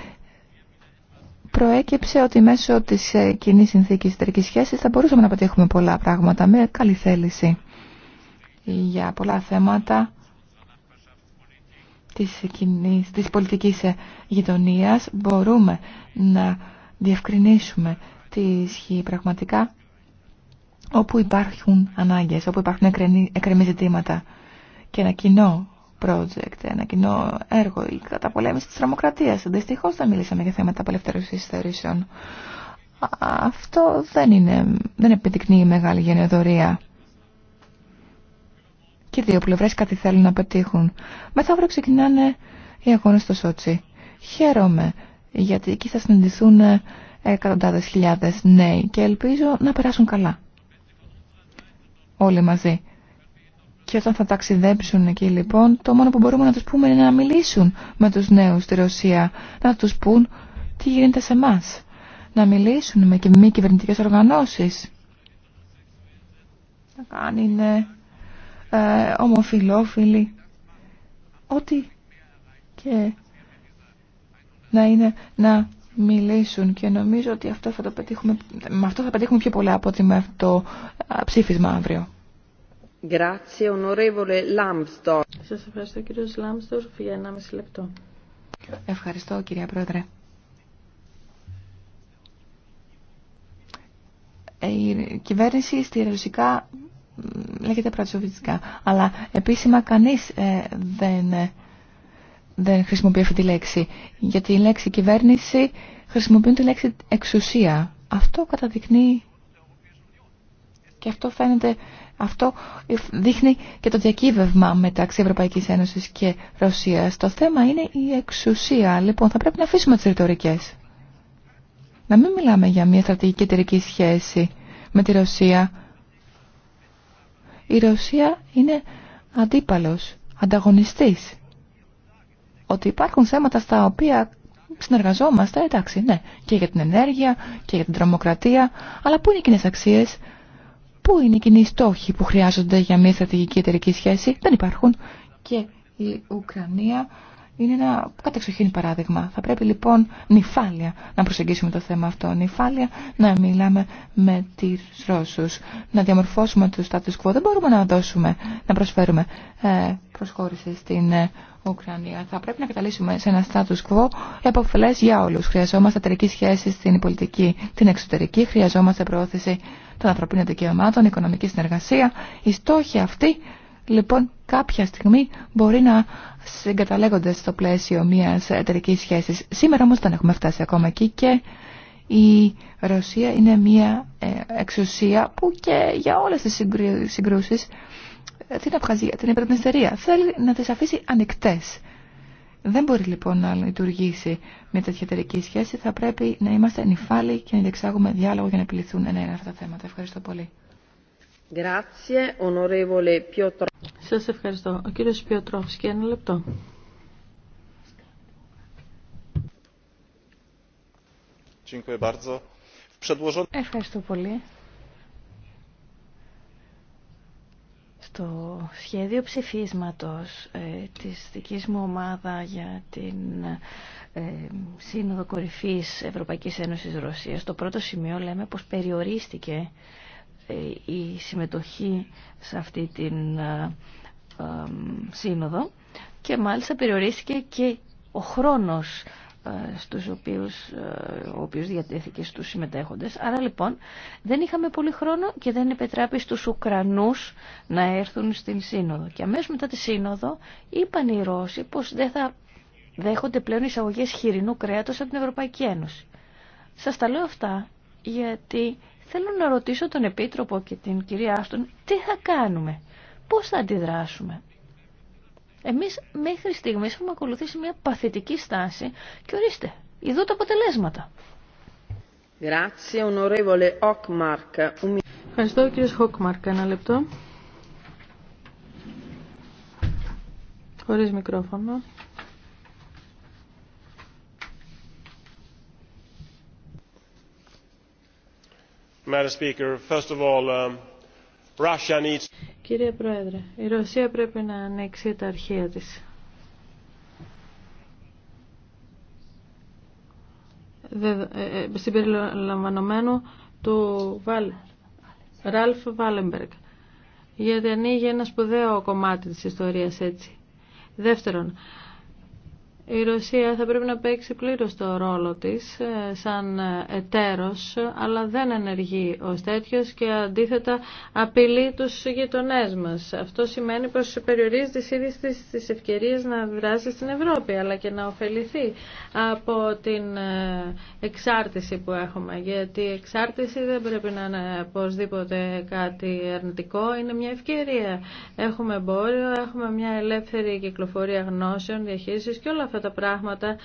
προέκυψε ότι μέσω της ε, κοινή συνθήκης ιστορικής σχέσης θα μπορούσαμε να πετύχουμε πολλά πράγματα με καλή θέληση για πολλά θέματα της, κοινής, της πολιτικής ε, γειτονίας μπορούμε να διευκρινίσουμε τι ισχύει πραγματικά όπου υπάρχουν ανάγκες, όπου υπάρχουν εκκρεμή ζητήματα και ένα κοινό project, ένα κοινό έργο, η καταπολέμηση της τρομοκρατίας. Δυστυχώς δεν μιλήσαμε για θέματα απελευθέρωσης θεωρήσεων. Αυτό δεν, είναι, δεν επιδεικνύει μεγάλη γενεοδορία. Και οι δύο πλευρές κάτι θέλουν να πετύχουν. Μεθαύριο ξεκινάνε οι αγώνες στο Σότσι. Χαίρομαι γιατί εκεί θα συναντηθούν εκατοντάδες χιλιάδες νέοι και ελπίζω να περάσουν καλά όλοι μαζί. Και όταν θα ταξιδέψουν εκεί λοιπόν, το μόνο που μπορούμε να τους πούμε είναι να μιλήσουν με τους νέους στη Ρωσία, να τους πούν τι γίνεται σε εμά. Να μιλήσουν με και μη κυβερνητικέ οργανώσεις. Να κάνουν ναι, ε, ομοφιλόφιλοι. Ό,τι και να είναι να μιλήσουν και νομίζω ότι αυτό θα το πετύχουμε, με αυτό θα πετύχουμε πιο πολλά από ότι με το ψήφισμα αύριο. Σας ευχαριστώ κύριο Λάμπστορ για ένα μισή λεπτό. Ευχαριστώ κυρία Πρόεδρε. Ε, η κυβέρνηση στη ρωσικά λέγεται πρατσοβιτσικά, αλλά επίσημα κανείς ε, δεν ε, δεν χρησιμοποιεί αυτή τη λέξη. Γιατί η λέξη κυβέρνηση χρησιμοποιούν τη λέξη εξουσία. Αυτό καταδεικνύει και αυτό φαίνεται, αυτό δείχνει και το διακύβευμα μεταξύ Ευρωπαϊκής Ένωσης και Ρωσίας. Το θέμα είναι η εξουσία. Λοιπόν, θα πρέπει να αφήσουμε τις ρητορικές. Να μην μιλάμε για μια στρατηγική εταιρική σχέση με τη Ρωσία. Η Ρωσία είναι αντίπαλος, ανταγωνιστής ότι υπάρχουν θέματα στα οποία συνεργαζόμαστε, εντάξει, ναι, και για την ενέργεια και για την τρομοκρατία, αλλά πού είναι οι κοινέ αξίε, πού είναι οι κοινοί στόχοι που χρειάζονται για μια στρατηγική εταιρική σχέση, δεν υπάρχουν. Και η Ουκρανία είναι ένα κατεξοχήν παράδειγμα. Θα πρέπει λοιπόν νυφάλια να προσεγγίσουμε το θέμα αυτό. Νυφάλια να μιλάμε με τις Ρώσους, να διαμορφώσουμε το status quo. Δεν μπορούμε να δώσουμε, να προσφέρουμε ε, προσχώρηση στην ε, Ουκρανία. Θα πρέπει να καταλήξουμε σε ένα status quo επωφελές για όλους. Χρειαζόμαστε εταιρική σχέση στην πολιτική, την εξωτερική. Χρειαζόμαστε προώθηση των ανθρωπίνων δικαιωμάτων, οικονομική συνεργασία. Οι στόχοι αυτοί λοιπόν κάποια στιγμή μπορεί να συγκαταλέγονται στο πλαίσιο μιας εταιρική σχέσης. Σήμερα όμως δεν έχουμε φτάσει ακόμα εκεί και η Ρωσία είναι μια ε, εξουσία που και για όλες τις συγκρούσεις ε, την Αυγαζία, την υπερπνευστερία, θέλει να τις αφήσει ανοιχτές. Δεν μπορεί λοιπόν να λειτουργήσει μια τέτοια εταιρική σχέση. Θα πρέπει να είμαστε νυφάλοι και να διεξάγουμε διάλογο για να επιληθούν ένα-ένα αυτά τα θέματα. Ευχαριστώ πολύ. Σας ευχαριστώ. Ο κύριος Πιοτρόφσκι, ένα λεπτό. Ευχαριστώ πολύ. Στο σχέδιο ψηφίσματος ε, της δικής μου ομάδα για την ε, Σύνοδο Κορυφής Ευρωπαϊκής Ένωσης Ρωσίας, το πρώτο σημείο λέμε πως περιορίστηκε ε, η συμμετοχή σε αυτή την ε, ε, σύνοδο και μάλιστα περιορίστηκε και ο χρόνος στους οποίους, ο οποίος διατέθηκε στους συμμετέχοντες. Άρα λοιπόν δεν είχαμε πολύ χρόνο και δεν επιτράπη στους Ουκρανούς να έρθουν στην Σύνοδο. Και αμέσως μετά τη Σύνοδο είπαν οι Ρώσοι πως δεν θα δέχονται πλέον εισαγωγές χοιρινού κρέατος από την Ευρωπαϊκή Ένωση. Σας τα λέω αυτά γιατί Θέλω να ρωτήσω τον Επίτροπο και την κυρία Άστον τι θα κάνουμε, πώς θα αντιδράσουμε. Εμείς μέχρι στιγμής έχουμε ακολουθήσει μια παθητική στάση και ορίστε, ειδού τα αποτελέσματα. Ευχαριστώ κύριε Χόκμαρκ. Ένα λεπτό. Χωρίς μικρόφωνο. Um, Κύριε Πρόεδρε, η Ρωσία πρέπει να ανοίξει τα αρχεία της. Ε, ε, συμπεριλαμβανομένου του Ραλφ Βάλεμπεργκ. Γιατί ανοίγει ένα σπουδαίο κομμάτι της ιστορίας έτσι. Δεύτερον, η Ρωσία θα πρέπει να παίξει πλήρως το ρόλο της ε, σαν εταίρος, αλλά δεν ενεργεί ως τέτοιος και αντίθετα απειλεί τους γειτονέ μας. Αυτό σημαίνει πως περιορίζει τις ίδιες τις ευκαιρίες να δράσει στην Ευρώπη, αλλά και να ωφεληθεί από την ε, εξάρτηση που έχουμε. Γιατί η εξάρτηση δεν πρέπει να είναι οπωσδήποτε κάτι αρνητικό, είναι μια ευκαιρία. Έχουμε εμπόριο, έχουμε μια ελεύθερη κυκλοφορία γνώσεων, διαχείρισης και όλα αυτά αυτά τα πράγματα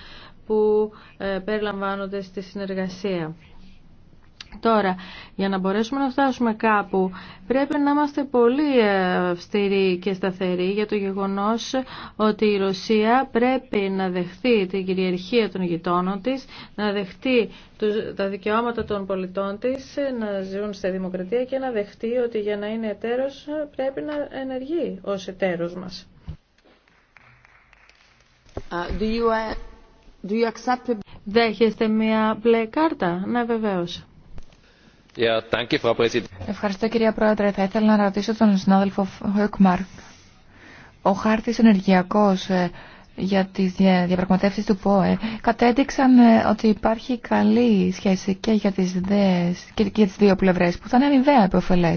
που ε, περιλαμβάνονται στη συνεργασία. Τώρα, για να μπορέσουμε να φτάσουμε κάπου, πρέπει να είμαστε πολύ ε, αυστηροί και σταθεροί για το γεγονός ότι η Ρωσία πρέπει να δεχθεί την κυριαρχία των γειτόνων της, να δεχτεί τα δικαιώματα των πολιτών της, να ζουν στη δημοκρατία και να δεχτεί ότι για να είναι εταίρος πρέπει να ενεργεί ως εταίρος μας. Ε, Δέχεστε μια μπλε κάρτα. Ναι, βεβαίως. Ευχαριστώ κυρία Πρόεδρε. Θα ήθελα να ρωτήσω τον συνάδελφο Χόικμαρκ. Ο χάρτης ενεργειακός ε, για τις διαπραγματεύσεις του ΠΟΕ κατέδειξαν ε, ότι υπάρχει καλή σχέση και για τις, δύο πλευρές που θα είναι αμοιβαία επωφελέ.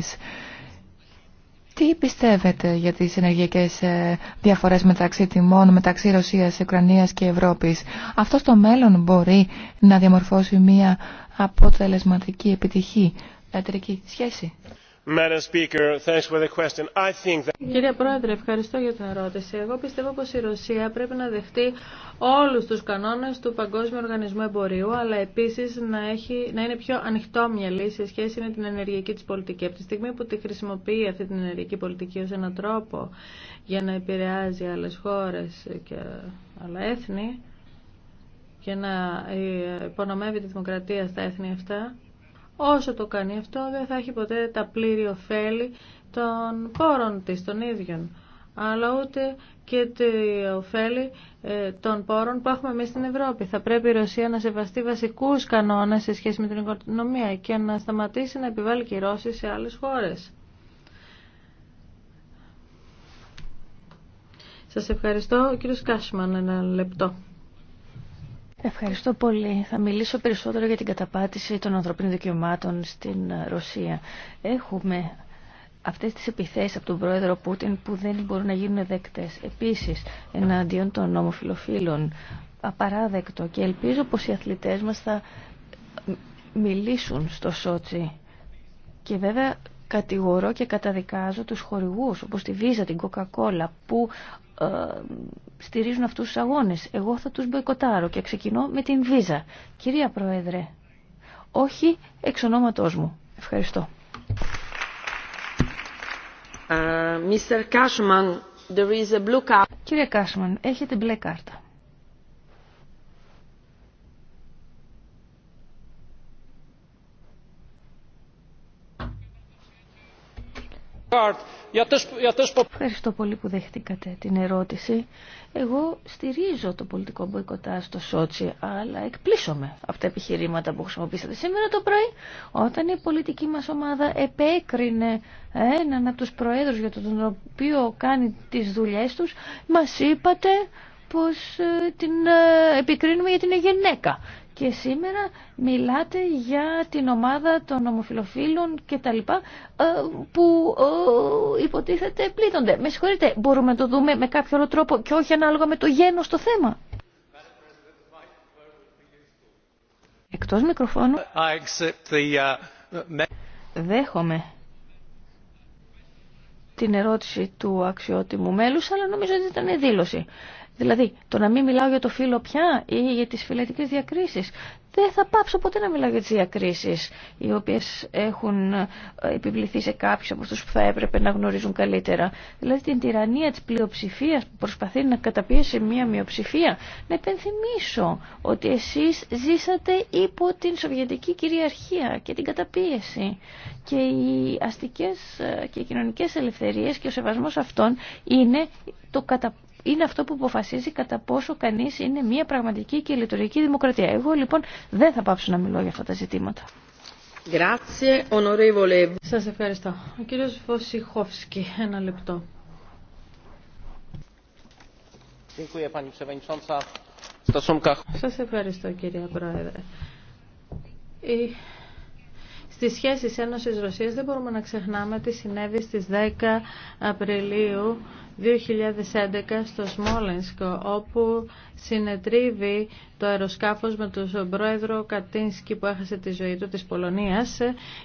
Τι πιστεύετε για τις ενεργειακές ε, διαφορές μεταξύ τιμών, μεταξύ Ρωσίας, Ουκρανίας και Ευρώπης. Αυτό στο μέλλον μπορεί να διαμορφώσει μια αποτελεσματική επιτυχή ιατρική σχέση. Κύριε Πρόεδρε, ευχαριστώ για την ερώτηση. Εγώ πιστεύω πως η Ρωσία πρέπει να δεχτεί όλους τους κανόνες του Παγκόσμιου Οργανισμού Εμπορίου, αλλά επίσης να, έχει, να είναι πιο λύση σε σχέση με την ενεργειακή της πολιτική. Από τη στιγμή που τη χρησιμοποιεί αυτή την ενεργειακή πολιτική ως έναν τρόπο για να επηρεάζει άλλες χώρες και άλλα έθνη και να ε, υπονομεύει τη δημοκρατία στα έθνη αυτά, Όσο το κάνει αυτό δεν θα έχει ποτέ τα πλήρη ωφέλη των πόρων της, των ίδιων αλλά ούτε και τη ωφέλη ε, των πόρων που έχουμε εμείς στην Ευρώπη. Θα πρέπει η Ρωσία να σεβαστεί βασικούς κανόνες σε σχέση με την οικονομία και να σταματήσει να επιβάλλει κυρώσει σε άλλες χώρες. Σας ευχαριστώ. Ο κύριος Κάσμαν, ένα λεπτό. Ευχαριστώ πολύ. Θα μιλήσω περισσότερο για την καταπάτηση των ανθρωπίνων δικαιωμάτων στην ε, Ρωσία. Έχουμε αυτές τις επιθέσεις από τον πρόεδρο Πούτιν που δεν μπορούν να γίνουν δεκτές. Επίσης, εναντίον των ομοφιλοφίλων, απαράδεκτο και ελπίζω πως οι αθλητές μας θα μιλήσουν στο Σότσι. Και βέβαια κατηγορώ και καταδικάζω τους χορηγούς όπως τη Βίζα, την Κοκακόλα, που ε, στηρίζουν αυτούς τους αγώνες. Εγώ θα τους μποϊκοτάρω και ξεκινώ με την Βίζα. Κυρία Πρόεδρε, όχι εξ ονόματός μου. Ευχαριστώ. Ε, Mr. Cashman, there is a blue card. Κύριε Κάσμαν, έχετε μπλε κάρτα. Ευχαριστώ πολύ που δέχτηκατε την ερώτηση. Εγώ στηρίζω το πολιτικό μποϊκοτάζ στο Σότσι, αλλά εκπλήσωμαι από τα επιχειρήματα που χρησιμοποίησατε σήμερα το πρωί, όταν η πολιτική μας ομάδα επέκρινε έναν από τους προέδρους για τον οποίο κάνει τις δουλειές τους, μας είπατε πως ε, την ε, επικρίνουμε για την γυναίκα και σήμερα μιλάτε για την ομάδα των ομοφιλοφίλων και τα λοιπά ε, που ε, υποτίθεται πλήττονται. Με συγχωρείτε, μπορούμε να το δούμε με κάποιο άλλο τρόπο και όχι ανάλογα με το γένος το θέμα. Εκτός μικροφώνου. Uh, Δέχομαι την ερώτηση του αξιότιμου μέλους, αλλά νομίζω ότι ήταν δήλωση. Δηλαδή, το να μην μιλάω για το φίλο πια ή για τις φυλετικέ διακρίσεις. Δεν θα πάψω ποτέ να μιλάω για τις διακρίσεις, οι οποίες έχουν ε, επιβληθεί σε κάποιους από αυτούς που θα έπρεπε να γνωρίζουν καλύτερα. Δηλαδή την τυραννία της πλειοψηφίας που προσπαθεί να καταπιέσει μια μειοψηφία. Να υπενθυμίσω ότι εσείς ζήσατε υπό την Σοβιετική κυριαρχία και την καταπίεση. Και οι αστικές ε, και οι κοινωνικές ελευθερίες και ο σεβασμός αυτών είναι το κατά είναι αυτό που αποφασίζει κατά πόσο κανεί είναι μια πραγματική και λειτουργική δημοκρατία. Εγώ λοιπόν δεν θα πάψω να μιλώ για αυτά τα ζητήματα. Σα ευχαριστώ. Ο κύριος Βοσιχόφσκι, ένα λεπτό. Σα ευχαριστώ κύριε Πρόεδρε. Στις σχέσεις Ένωσης Ρωσίας δεν μπορούμε να ξεχνάμε τι συνέβη στις 10 Απριλίου 2011 στο Σμόλενσκ όπου συνετρίβει το αεροσκάφος με τον πρόεδρο Κατίνσκι που έχασε τη ζωή του της Πολωνίας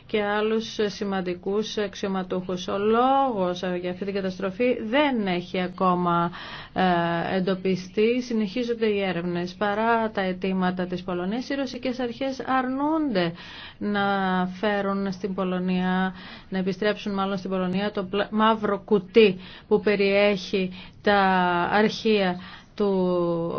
και άλλους σημαντικούς αξιωματούχους. Ο λόγος για αυτή την καταστροφή δεν έχει ακόμα ε, εντοπιστεί. Συνεχίζονται οι έρευνες. Παρά τα αιτήματα της Πολωνίας, οι ρωσικές αρχές αρνούνται να φέρουν στην Πολωνία, να επιστρέψουν μάλλον στην Πολωνία το μαύρο κουτί που περιέχει έχει τα αρχεία του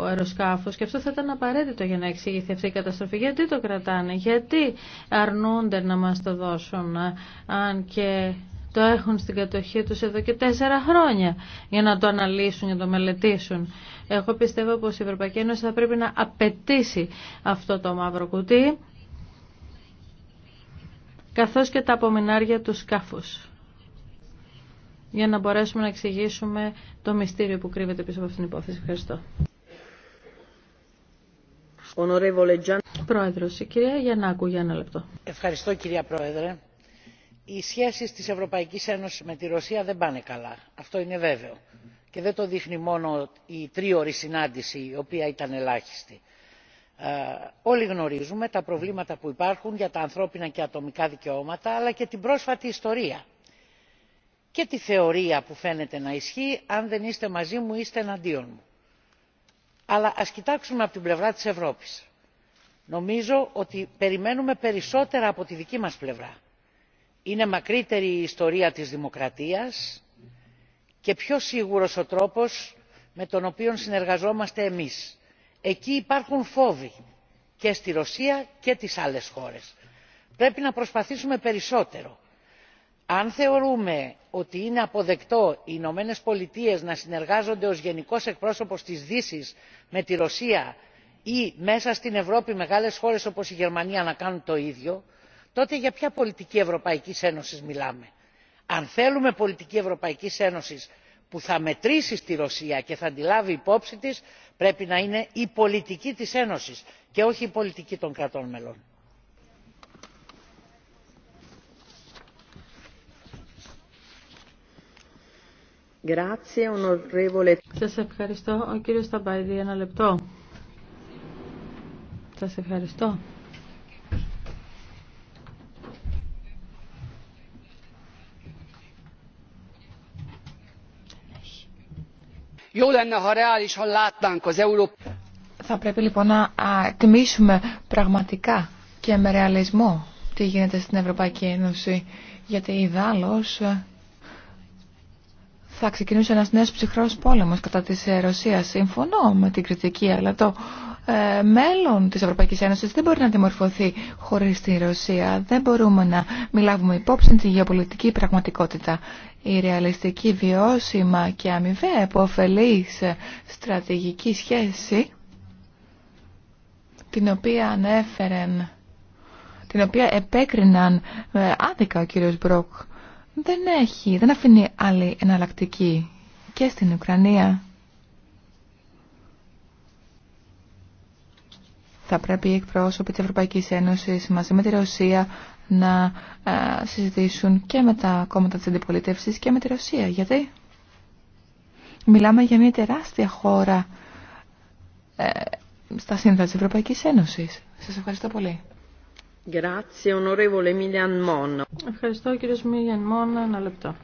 αεροσκάφους και αυτό θα ήταν απαραίτητο για να εξηγηθεί αυτή η καταστροφή. Γιατί το κρατάνε, γιατί αρνούνται να μας το δώσουν, αν και το έχουν στην κατοχή τους εδώ και τέσσερα χρόνια για να το αναλύσουν, για να το μελετήσουν. Εγώ πιστεύω πως η Ευρωπαϊκή Ένωση θα πρέπει να απαιτήσει αυτό το μαύρο κουτί καθώς και τα απομεινάρια του σκάφους για να μπορέσουμε να εξηγήσουμε το μυστήριο που κρύβεται πίσω από αυτήν την υπόθεση. Ευχαριστώ. Πρόεδρος, η κυρία Γιαννάκου, για ένα λεπτό. Ευχαριστώ κυρία Πρόεδρε. Οι σχέσεις της Ευρωπαϊκής Ένωσης με τη Ρωσία δεν πάνε καλά. Αυτό είναι βέβαιο. Και δεν το δείχνει μόνο η τρίωρη συνάντηση, η οποία ήταν ελάχιστη. Ε, όλοι γνωρίζουμε τα προβλήματα που υπάρχουν για τα ανθρώπινα και ατομικά δικαιώματα, αλλά και την πρόσφατη ιστορία και τη θεωρία που φαίνεται να ισχύει αν δεν είστε μαζί μου είστε εναντίον μου. αλλά ας κοιτάξουμε από την πλευρά της ευρώπης. νομίζω ότι περιμένουμε περισσότερα από τη δική μας πλευρά. είναι μακρύτερη η ιστορία της δημοκρατίας και πιο σίγουρος ο τρόπος με τον οποίο συνεργαζόμαστε εμείς. εκεί υπάρχουν φόβοι και στη ρωσία και τις άλλες χώρες. πρέπει να προσπαθήσουμε περισσότερο αν θεωρούμε ότι είναι αποδεκτό οι ηνωμένε πολιτείε να συνεργάζονται ως γενικός εκπρόσωπος της δύσης με τη ρωσία ή μέσα στην ευρώπη μεγάλες χώρες όπως η γερμανία να κάνουν το ίδιο τότε για ποια πολιτική ευρωπαϊκής ένωσης μιλάμε. αν θέλουμε πολιτική ευρωπαϊκής ένωσης που θα μετρήσει στη ρωσία και θα τη λάβει υπόψη της πρέπει να είναι η πολιτική της ένωσης και όχι η πολιτική των κρατών μελών. Σας ευχαριστώ. Ο κύριος Σταμπαϊδη, ένα λεπτό. Σας ευχαριστώ. Θα πρέπει λοιπόν να τιμήσουμε πραγματικά και με ρεαλισμό τι γίνεται στην Ευρωπαϊκή Ένωση, γιατί η Δάλος θα ξεκινούσε ένας νέος ψυχρός πόλεμος κατά της ε, Ρωσία. Συμφωνώ με την κριτική, αλλά το ε, μέλλον της Ευρωπαϊκής Ένωσης δεν μπορεί να δημορφωθεί χωρίς τη Ρωσία. Δεν μπορούμε να μιλάμε υπόψη τη γεωπολιτική πραγματικότητα. Η ρεαλιστική, βιώσιμα και αμοιβαία επωφελής στρατηγική σχέση, την οποία την οποία επέκριναν ε, άδικα ο κύριος Μπροκ δεν έχει, δεν αφήνει άλλη εναλλακτική και στην Ουκρανία. Θα πρέπει οι εκπρόσωποι της Ευρωπαϊκής Ένωσης μαζί με τη Ρωσία να ε, συζητήσουν και με τα κόμματα της αντιπολίτευσης και με τη Ρωσία. Γιατί μιλάμε για μια τεράστια χώρα ε, στα σύνδεση της Ευρωπαϊκής Ένωσης. Σας ευχαριστώ πολύ. Ευχαριστώ κύριε Μίλιαν Μόν, ένα λεπτό.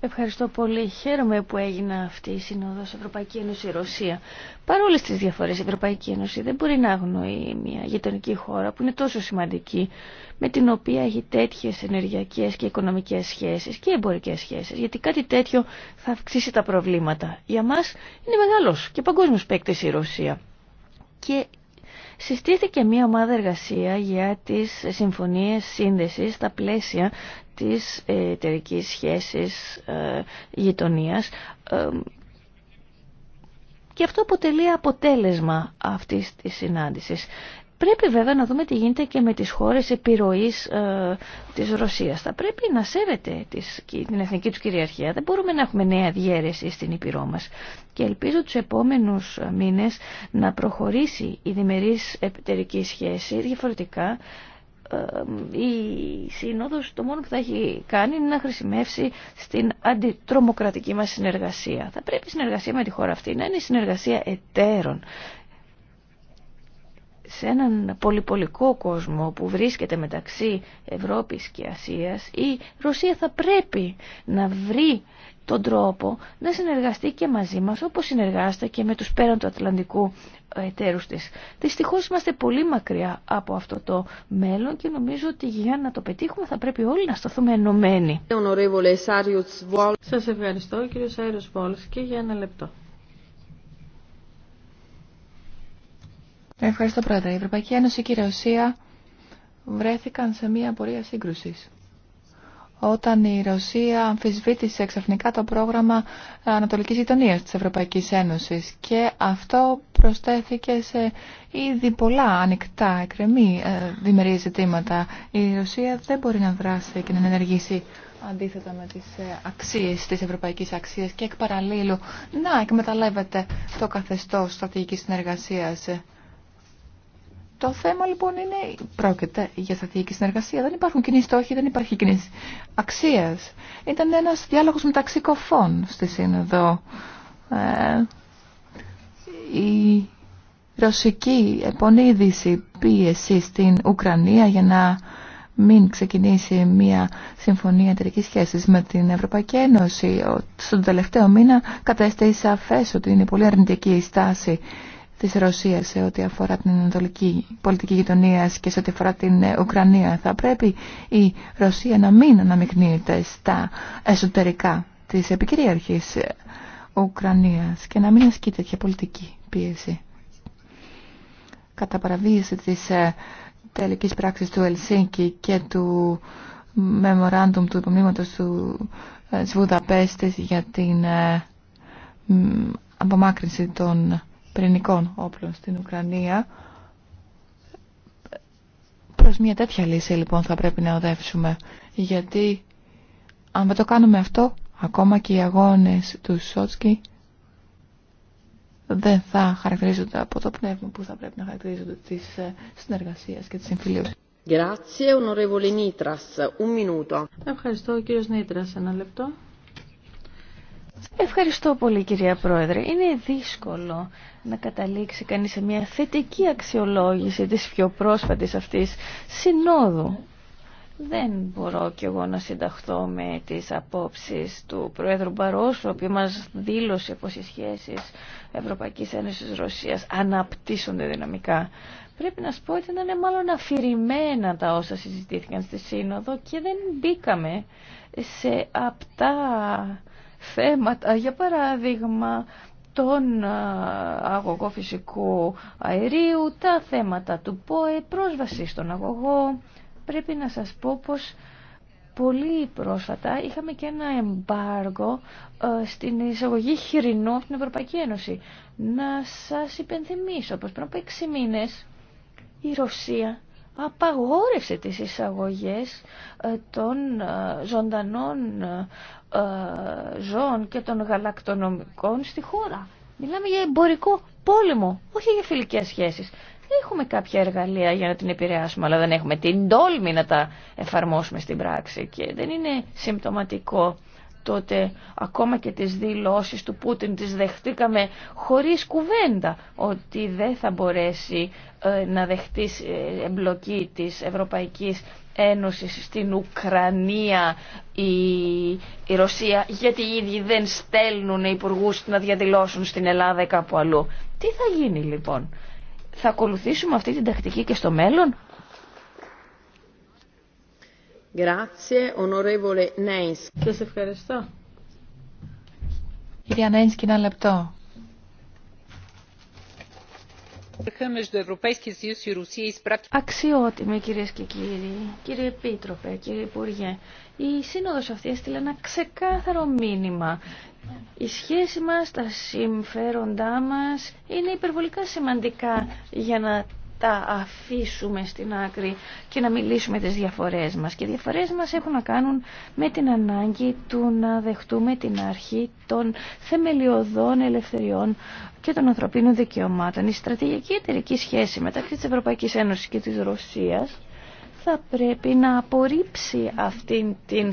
Ευχαριστώ πολύ. Χαίρομαι που έγινε αυτή η Συνοδο ευρωπαικη Ευρωπαϊκή Ένωση-Ρωσία. Παρόλε τι διαφορέ, η Ευρωπαϊκή Ένωση δεν μπορεί να αγνοεί μια γειτονική χώρα που είναι τόσο σημαντική με την οποία έχει τέτοιε ενεργειακέ και οικονομικέ σχέσει και εμπορικέ σχέσει, γιατί κάτι τέτοιο θα αυξήσει τα προβλήματα. Για μα είναι μεγάλο και παγκόσμιο παίκτη η Ρωσία και συστήθηκε μια ομάδα εργασία για τις συμφωνίες σύνδεσης στα πλαίσια της ε, εταιρική σχέσης ε, γειτονίας ε, και αυτό αποτελεί αποτέλεσμα αυτής της συνάντησης. Πρέπει βέβαια να δούμε τι γίνεται και με τις χώρες επιρροής ε, της Ρωσίας. Θα πρέπει να σέβεται τις, την εθνική του κυριαρχία. Δεν μπορούμε να έχουμε νέα διέρεση στην Ήπειρό μας. Και ελπίζω τους επόμενους μήνες να προχωρήσει η διμερής επιτερική σχέση διαφορετικά ε, η Σύνοδος το μόνο που θα έχει κάνει είναι να χρησιμεύσει στην αντιτρομοκρατική μας συνεργασία. Θα πρέπει η συνεργασία με τη χώρα αυτή να είναι η συνεργασία εταίρων σε έναν πολυπολικό κόσμο που βρίσκεται μεταξύ Ευρώπης και Ασίας η Ρωσία θα πρέπει να βρει τον τρόπο να συνεργαστεί και μαζί μας όπως συνεργάζεται και με τους πέραν του Ατλαντικού εταίρους της. Δυστυχώς είμαστε πολύ μακριά από αυτό το μέλλον και νομίζω ότι για να το πετύχουμε θα πρέπει όλοι να σταθούμε ενωμένοι. Σας ευχαριστώ κύριο Σάιρος και για ένα λεπτό. Ευχαριστώ πρόεδρε. Η Ευρωπαϊκή Ένωση και η Ρωσία βρέθηκαν σε μια πορεία σύγκρουσης. Όταν η Ρωσία αμφισβήτησε ξαφνικά το πρόγραμμα Ανατολικής γειτονία της Ευρωπαϊκής Ένωσης και αυτό προστέθηκε σε ήδη πολλά ανοιχτά, εκκρεμή ε, διμερεί ζητήματα. Η Ρωσία δεν μπορεί να δράσει και να ενεργήσει αντίθετα με τις ε, αξίες της ευρωπαϊκής αξίας και εκ παραλίλου να εκμεταλλεύεται το καθεστώς στρατηγικής συνεργασία. Το θέμα λοιπόν είναι, πρόκειται για σταθερή συνεργασία. Δεν υπάρχουν κοινοί στόχοι, δεν υπάρχει κοινή αξία. Ήταν ένα διάλογο μεταξύ κοφών στη Σύνοδο. Ε, η ρωσική επονίδηση πίεση στην Ουκρανία για να μην ξεκινήσει μια συμφωνία εταιρική σχέση με την Ευρωπαϊκή Ένωση. Στον τελευταίο μήνα κατέστησε σαφέ ότι είναι πολύ αρνητική η στάση της Ρωσίας σε ό,τι αφορά την ανατολική πολιτική γειτονία και σε ό,τι αφορά την ε, Ουκρανία. Θα πρέπει η Ρωσία να μην αναμειγνύεται στα εσωτερικά της επικυρίαρχης ε, Ουκρανίας και να μην ασκεί τέτοια πολιτική πίεση. Κατά παραβίαση της ε, τελικής πράξης του Ελσίνκη και του memorandum του υπομνήματος του, για την απομάκρυνση των πυρηνικών όπλων στην Ουκρανία. Προς μια τέτοια λύση λοιπόν θα πρέπει να οδεύσουμε, γιατί αν δεν το κάνουμε αυτό, ακόμα και οι αγώνες του Σότσκι δεν θα χαρακτηρίζονται από το πνεύμα που θα πρέπει να χαρακτηρίζονται της ε, συνεργασίας και της συμφιλίωσης. Grazie, onorevole Nitras. Un minuto. Ευχαριστώ, κύριος Νίτρας. Ένα λεπτό. Ευχαριστώ πολύ κυρία Πρόεδρε. Είναι δύσκολο να καταλήξει κανείς σε μια θετική αξιολόγηση της πιο πρόσφατης αυτής συνόδου. Δεν μπορώ κι εγώ να συνταχθώ με τις απόψεις του Πρόεδρου Μπαρόσου, ο οποίος μας δήλωσε πως οι σχέσεις Ευρωπαϊκής Ένωσης Ρωσίας αναπτύσσονται δυναμικά. Πρέπει να σου πω ότι ήταν μάλλον αφηρημένα τα όσα συζητήθηκαν στη Σύνοδο και δεν μπήκαμε σε απτά θέματα, για παράδειγμα τον αγωγό φυσικού αερίου, τα θέματα του ΠΟΕ, πρόσβαση στον αγωγό. Πρέπει να σας πω πως πολύ πρόσφατα είχαμε και ένα εμπάργο στην εισαγωγή χοιρινού στην Ευρωπαϊκή Ένωση. Να σας υπενθυμίσω πως πριν από 6 μήνες η Ρωσία απαγόρευσε τις εισαγωγές των ζωντανών ε, ζώων και των γαλακτονομικών στη χώρα. Μιλάμε για εμπορικό πόλεμο, όχι για φιλικές σχέσεις. Έχουμε κάποια εργαλεία για να την επηρεάσουμε, αλλά δεν έχουμε την τόλμη να τα εφαρμόσουμε στην πράξη. Και δεν είναι συμπτωματικό τότε ακόμα και τις δηλώσεις του Πούτιν τις δεχτήκαμε χωρίς κουβέντα ότι δεν θα μπορέσει ε, να δεχτεί ε, εμπλοκή της Ευρωπαϊκής Ένωσης στην Ουκρανία η, Ρωσία γιατί οι ίδιοι δεν στέλνουν υπουργού να διαδηλώσουν στην Ελλάδα ή κάπου αλλού. Τι θα γίνει λοιπόν. Θα ακολουθήσουμε αυτή την τακτική και στο μέλλον. Σας ευχαριστώ. Κυρία Νέινσκι, ένα λεπτό. Αξιότιμη κύριε και κύριοι, κύριε Επίτροπε, κύριε Υπουργέ, η σύνοδος αυτή έστειλε ένα ξεκάθαρο μήνυμα. Η σχέση μας, τα συμφέροντά μας είναι υπερβολικά σημαντικά για να τα αφήσουμε στην άκρη και να μιλήσουμε τις διαφορές μας. Και οι διαφορές μας έχουν να κάνουν με την ανάγκη του να δεχτούμε την αρχή των θεμελιωδών ελευθεριών και των ανθρωπίνων δικαιωμάτων. Η στρατηγική εταιρική σχέση μεταξύ της Ευρωπαϊκής Ένωσης και της Ρωσίας θα πρέπει να απορρίψει αυτήν την ε,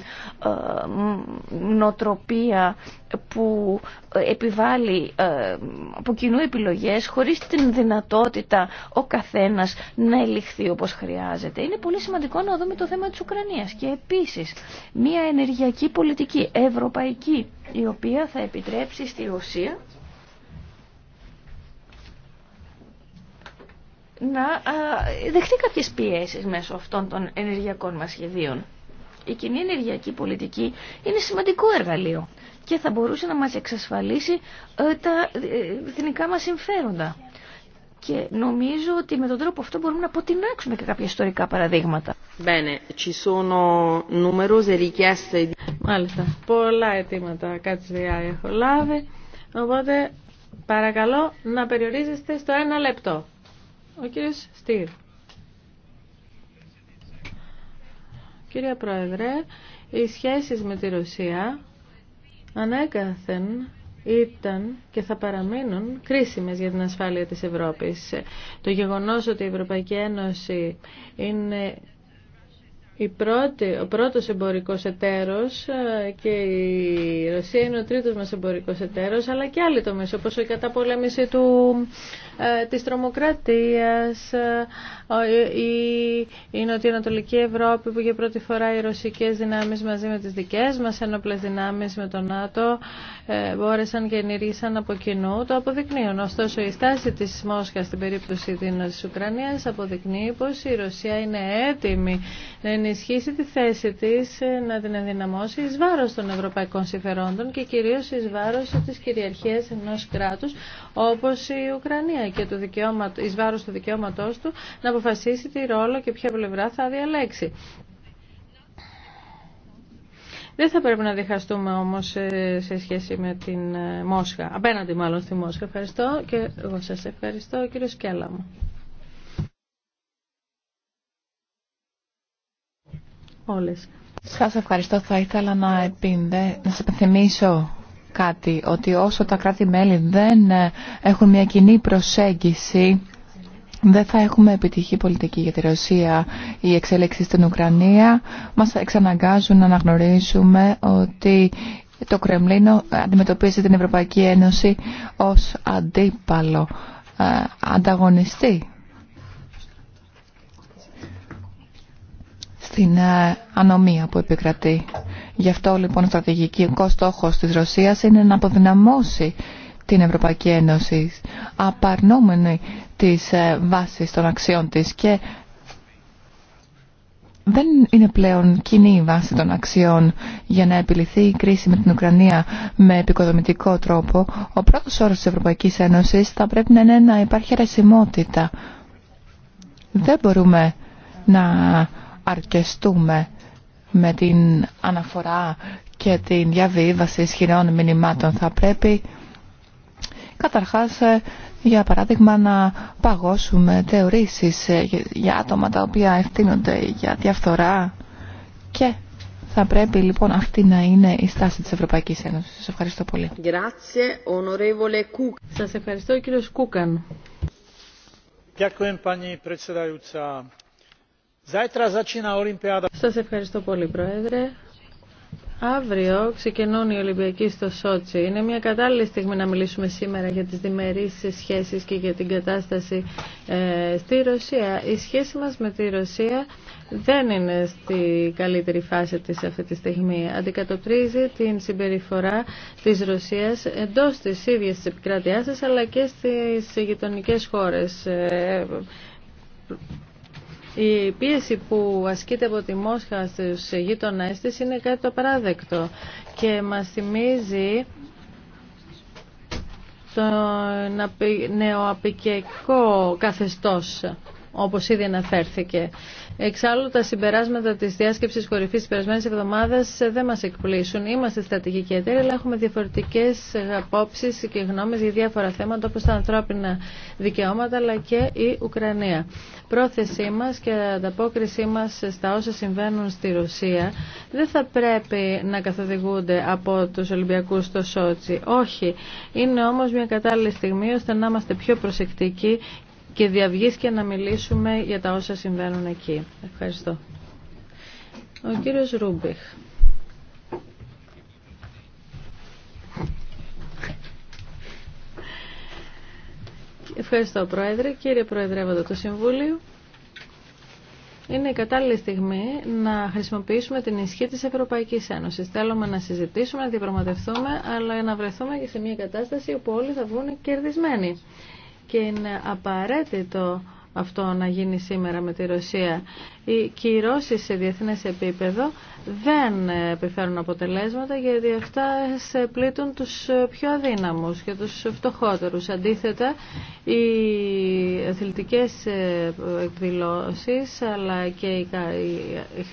νοτροπία που επιβάλλει ε, από κοινού επιλογές χωρίς την δυνατότητα ο καθένας να ελιχθεί όπως χρειάζεται. Είναι πολύ σημαντικό να δούμε το θέμα της Ουκρανίας και επίσης μια ενεργειακή πολιτική ευρωπαϊκή η οποία θα επιτρέψει στη Ρωσία να δεχτεί κάποιες πιέσεις μέσω αυτών των ενεργειακών μας σχεδίων. Η κοινή ενεργειακή πολιτική είναι σημαντικό εργαλείο και θα μπορούσε να μας εξασφαλίσει ε, τα ε, εθνικά μας συμφέροντα. Και νομίζω ότι με τον τρόπο αυτό μπορούμε να αποτινάξουμε και κάποια ιστορικά παραδείγματα. Bene, ci sono numerose richieste. Μάλιστα, πολλά αιτήματα κάτι έχω λάβει. Οπότε παρακαλώ να περιορίζεστε στο ένα λεπτό. Ο κύριος Στήρ. Κύριε Πρόεδρε, οι σχέσεις με τη Ρωσία ανέκαθεν ήταν και θα παραμείνουν κρίσιμες για την ασφάλεια της Ευρώπης. Το γεγονός ότι η Ευρωπαϊκή Ένωση είναι η πρώτη, ο πρώτος εμπορικός εταίρος ε, και η Ρωσία είναι ο τρίτος μας εμπορικός εταίρος, αλλά και άλλοι τομείς, όπως η καταπολέμηση του ε, της τρομοκρατίας, ε, η νοτιοανατολική Ευρώπη που για πρώτη φορά οι ρωσικές δυνάμεις μαζί με τις δικές μας ένοπλες δυνάμεις με το ΝΑΤΟ ε, μπόρεσαν και ενήργησαν από κοινού το αποδεικνύουν. Ωστόσο η στάση της Μόσχας στην περίπτωση της Ουκρανίας αποδεικνύει πως η Ρωσία είναι έτοιμη να ενισχύσει τη θέση της, να την ενδυναμώσει εις βάρος των ευρωπαϊκών συμφερόντων και κυρίως εις βάρος της κυριαρχίας ενός κράτους όπως η Ουκρανία και το δικαιώματο, εις βάρος του δικαιώματός του να αποφασίσει τι ρόλο και ποια πλευρά θα διαλέξει. Δεν θα πρέπει να διχαστούμε όμως ε, σε σχέση με την ε, Μόσχα, απέναντι μάλλον στη Μόσχα. Ευχαριστώ και εγώ σας ευχαριστώ κύριο Σκέλα μου. Όλες. Σας ευχαριστώ. Θα ήθελα να, επινδε... να σας επιθυμίσω κάτι, ότι όσο τα κράτη-μέλη δεν ε, έχουν μια κοινή προσέγγιση, δεν θα έχουμε επιτυχή πολιτική για τη Ρωσία. Οι εξέλιξεις στην Ουκρανία μας εξαναγκάζουν να αναγνωρίσουμε ότι το Κρεμλίνο αντιμετωπίζει την Ευρωπαϊκή Ένωση ως αντίπαλο, ε, ανταγωνιστή. Στην ε, ανομία που επικρατεί. Γι' αυτό λοιπόν ο στρατηγικό στόχο της Ρωσίας είναι να αποδυναμώσει την Ευρωπαϊκή Ένωση απαρνόμενη της ε, βάσης των αξιών της και δεν είναι πλέον κοινή η βάση των αξιών για να επιληθεί η κρίση με την Ουκρανία με επικοδομητικό τρόπο. Ο πρώτος όρος της Ευρωπαϊκής Ένωσης θα πρέπει να είναι να υπάρχει αρεσιμότητα. Δεν μπορούμε να αρκεστούμε με την αναφορά και την διαβίβαση ισχυρών μηνυμάτων. Θα πρέπει καταρχάς ε, για παράδειγμα να παγώσουμε θεωρήσεις ε, για άτομα τα οποία ευθύνονται για διαφθορά και θα πρέπει λοιπόν αυτή να είναι η στάση της Ευρωπαϊκής Ένωσης. Σας ευχαριστώ πολύ. Σας ευχαριστώ Κούκαν. Σας ευχαριστώ πολύ, Πρόεδρε. Αύριο ξεκινούν οι Ολυμπιακοί στο Σότσι. Είναι μια κατάλληλη στιγμή να μιλήσουμε σήμερα για τις διμερείς σχέσεις και για την κατάσταση ε, στη Ρωσία. Η σχέση μας με τη Ρωσία δεν είναι στη καλύτερη φάση της αυτή τη στιγμή. Αντικατοπτρίζει την συμπεριφορά της Ρωσίας εντός της ίδιας της επικράτειάς της αλλά και στις γειτονικές χώρες ε, η πίεση που ασκείται από τη Μόσχα στους γείτονές της είναι κάτι το παράδεκτο και μας θυμίζει τον νεοαπικιακό καθεστώς όπως ήδη αναφέρθηκε. Εξάλλου τα συμπεράσματα τη διάσκεψης κορυφή τη περασμένη εβδομάδα δεν μα εκπλήσουν. Είμαστε στρατηγική εταιρεία, αλλά έχουμε διαφορετικέ απόψεις και γνώμε για διάφορα θέματα όπω τα ανθρώπινα δικαιώματα αλλά και η Ουκρανία. Πρόθεσή μα και ανταπόκρισή μα στα όσα συμβαίνουν στη Ρωσία δεν θα πρέπει να καθοδηγούνται από του Ολυμπιακού στο Σότσι. Όχι, είναι όμω μια κατάλληλη στιγμή ώστε να είμαστε πιο προσεκτικοί και διαυγής και να μιλήσουμε για τα όσα συμβαίνουν εκεί. Ευχαριστώ. Ο κύριος Ρούμπιχ. Ευχαριστώ Πρόεδρε. Κύριε Προεδρεύοντα του Συμβούλιο, είναι η κατάλληλη στιγμή να χρησιμοποιήσουμε την ισχύ της Ευρωπαϊκής Ένωσης. Θέλουμε να συζητήσουμε, να διαπραγματευτούμε, αλλά να βρεθούμε και σε μια κατάσταση όπου όλοι θα βγουν κερδισμένοι και είναι απαραίτητο αυτό να γίνει σήμερα με τη Ρωσία οι κυρώσει σε διεθνές επίπεδο δεν επιφέρουν αποτελέσματα γιατί αυτά σε πλήττουν τους πιο αδύναμους και τους φτωχότερους. Αντίθετα, οι αθλητικές ε, εκδηλώσεις αλλά και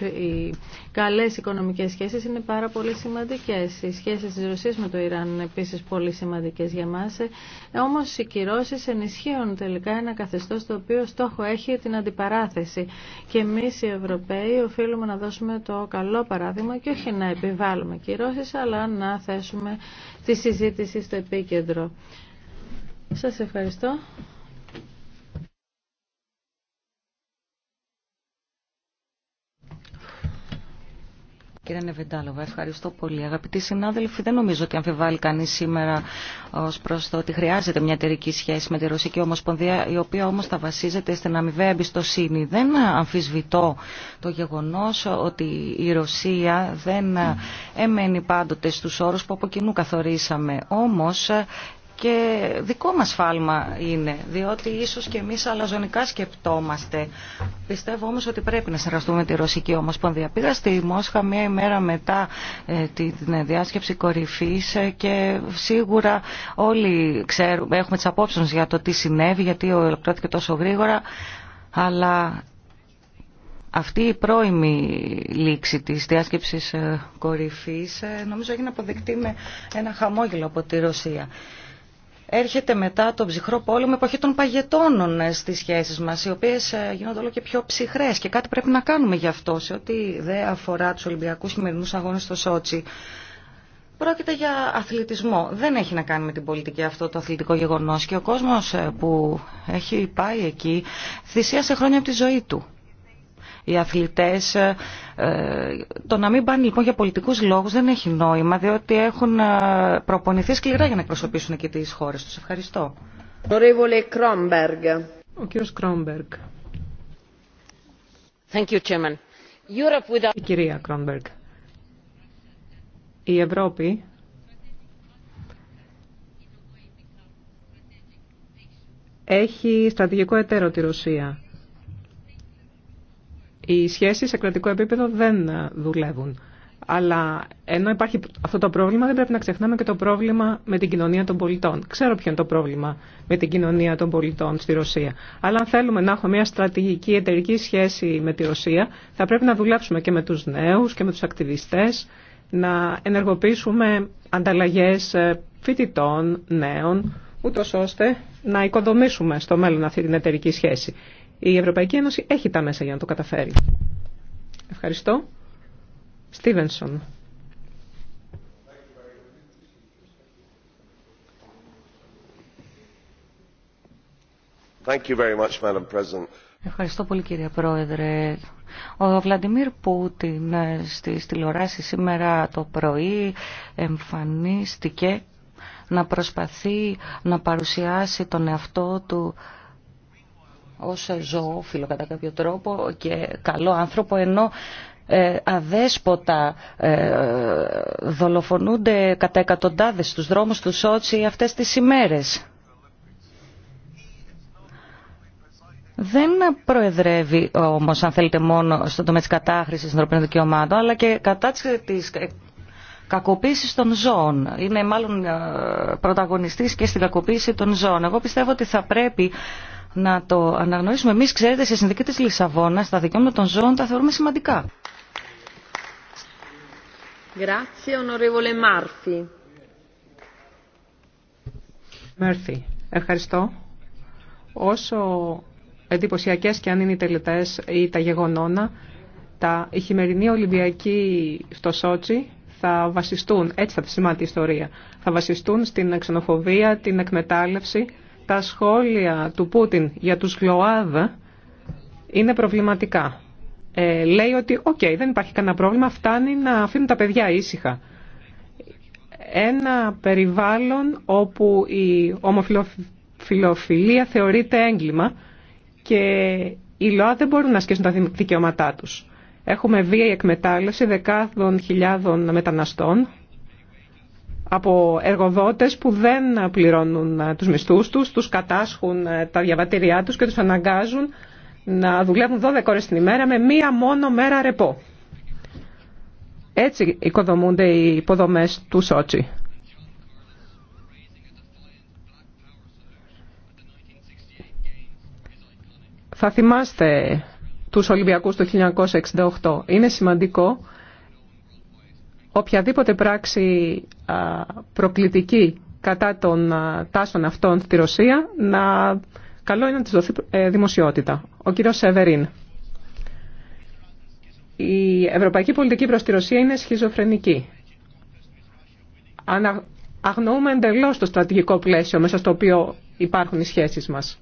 οι καλές οικονομικές σχέσεις είναι πάρα πολύ σημαντικές. Οι σχέσεις της Ρωσίας με το Ιράν είναι επίσης πολύ σημαντικές για μας. Ε, όμως οι κυρώσεις ενισχύουν τελικά ένα καθεστώς το οποίο στόχο έχει την αντιπαράθεση. Και εμείς οι Ευρωπαίοι οφείλουμε να δώσουμε το καλό παράδειγμα και όχι να επιβάλλουμε κυρώσεις, αλλά να θέσουμε τη συζήτηση στο επίκεντρο. Σας ευχαριστώ. Κύριε Νεβεντάλοβα. Ευχαριστώ πολύ. Αγαπητοί συνάδελφοι, δεν νομίζω ότι αμφιβάλλει κανεί σήμερα ω προ το ότι χρειάζεται μια εταιρική σχέση με τη Ρωσική Ομοσπονδία, η οποία όμω θα βασίζεται στην αμοιβαία εμπιστοσύνη. Δεν αμφισβητώ το γεγονό ότι η Ρωσία δεν εμένει πάντοτε στου όρου που από κοινού καθορίσαμε. Όμω και δικό μας φάλμα είναι, διότι ίσως και εμείς αλαζονικά σκεπτόμαστε. Πιστεύω όμως ότι πρέπει να συνεργαστούμε τη Ρωσική Ομοσπονδία. Πήγα στη Μόσχα μία ημέρα μετά ε, την ε, διάσκεψη κορυφής ε, και σίγουρα όλοι ξέρουμε, έχουμε τις απόψεις για το τι συνέβη, γιατί ο τόσο γρήγορα, αλλά αυτή η πρώιμη λήξη της διάσκεψης κορυφής νομίζω έγινε αποδεκτή με ένα χαμόγελο από τη Ρωσία έρχεται μετά τον ψυχρό πόλεμο, εποχή των παγετώνων ε, στις σχέσεις μας, οι οποίες ε, γίνονται όλο και πιο ψυχρές και κάτι πρέπει να κάνουμε γι' αυτό σε ό,τι δεν αφορά τους Ολυμπιακούς χειμερινούς αγώνες στο Σότσι. Πρόκειται για αθλητισμό. Δεν έχει να κάνει με την πολιτική αυτό το αθλητικό γεγονός και ο κόσμος ε, που έχει πάει εκεί θυσίασε χρόνια από τη ζωή του οι αθλητές. Ε, το να μην πάνε λοιπόν για πολιτικούς λόγους δεν έχει νόημα, διότι έχουν ε, προπονηθεί σκληρά για να εκπροσωπήσουν και τις χώρες τους. Ευχαριστώ. Ο κύριος Κρόμπεργκ. Η κυρία Η Ευρώπη έχει στρατηγικό εταίρο τη Ρωσία οι σχέσεις σε κρατικό επίπεδο δεν ε, δουλεύουν. Αλλά ενώ υπάρχει αυτό το πρόβλημα, δεν πρέπει να ξεχνάμε και το πρόβλημα με την κοινωνία των πολιτών. Ξέρω ποιο είναι το πρόβλημα με την κοινωνία των πολιτών στη Ρωσία. Αλλά αν θέλουμε να έχουμε μια στρατηγική εταιρική σχέση με τη Ρωσία, θα πρέπει να δουλέψουμε και με τους νέους και με τους ακτιβιστές, να ενεργοποιήσουμε ανταλλαγέ ε, φοιτητών, νέων, ούτως ώστε να οικοδομήσουμε στο μέλλον αυτή την εταιρική σχέση. Η Ευρωπαϊκή Ένωση έχει τα μέσα για να το καταφέρει. Ευχαριστώ. Στίβενσον. Thank you very much, Madam President. Ευχαριστώ πολύ κύριε Πρόεδρε. Ο Βλαντιμίρ Πούτιν ε, στη τηλεοράσεις σήμερα το πρωί εμφανίστηκε να προσπαθεί να παρουσιάσει τον εαυτό του ως ζωόφιλο κατά κάποιο τρόπο και καλό άνθρωπο ενώ ε, αδέσποτα ε, δολοφονούνται κατά εκατοντάδες στους δρόμους του Σότσι αυτές τις ημέρες. Δεν προεδρεύει όμως, αν θέλετε, μόνο στον τομέα της κατάχρησης των ανθρωπίνων δικαιωμάτων, αλλά και κατά της κακοποίηση των ζώων. Είναι μάλλον ε, πρωταγωνιστής και στην κακοποίηση των ζώων. Εγώ πιστεύω ότι θα πρέπει να το αναγνωρίσουμε. Εμεί, ξέρετε, σε συνδική τη Λισαβόνα, τα δικαιώματα των ζώων τα θεωρούμε σημαντικά. Ευχαριστώ. Όσο εντυπωσιακέ και αν είναι οι τελετέ ή τα γεγονόνα, τα, η χειμερινή Ολυμπιακή στο Σότσι θα βασιστούν, έτσι θα τη σημαίνει η ιστορία, θα βασιστούν στην ξενοφοβία, την εκμετάλλευση, τα σχόλια του Πούτιν για τους ΛΟΑΔ είναι προβληματικά. Ε, λέει ότι οκ, δεν υπάρχει κανένα πρόβλημα, φτάνει να αφήνουν τα παιδιά ήσυχα. Ένα περιβάλλον όπου η ομοφιλοφιλία θεωρείται έγκλημα και οι ΛΟΑΔ δεν μπορούν να ασκήσουν τα δικαιώματά τους. Έχουμε βία η εκμετάλλευση δεκάδων χιλιάδων μεταναστών, από εργοδότες που δεν πληρώνουν ε, τους μισθούς τους, τους κατάσχουν ε, τα διαβατήριά τους και τους αναγκάζουν να δουλεύουν 12 ώρες την ημέρα με μία μόνο μέρα ρεπό. Έτσι οικοδομούνται οι υποδομές του Σότσι. Θα θυμάστε τους Ολυμπιακούς του 1968. Είναι σημαντικό οποιαδήποτε πράξη προκλητική κατά των τάσεων αυτών στη Ρωσία να καλό είναι να της δοθεί ε, δημοσιότητα. Ο κύριος Σεβερίν. Η ευρωπαϊκή πολιτική προς τη Ρωσία είναι σχιζοφρενική. Αγνοούμε εντελώ το στρατηγικό πλαίσιο μέσα στο οποίο υπάρχουν οι σχέσεις μας.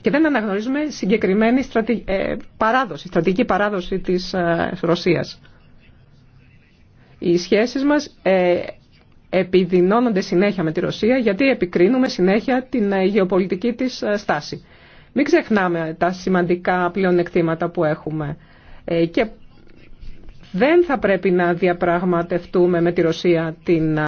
Και δεν αναγνωρίζουμε συγκεκριμένη ε, παράδοση, στρατηγική παράδοση της ε, Ρωσίας. Οι σχέσεις μας ε, επιδεινώνονται συνέχεια με τη Ρωσία γιατί επικρίνουμε συνέχεια την ε, γεωπολιτική της ε, στάση. Μην ξεχνάμε τα σημαντικά πλεονεκτήματα που έχουμε ε, και δεν θα πρέπει να διαπραγματευτούμε με τη Ρωσία την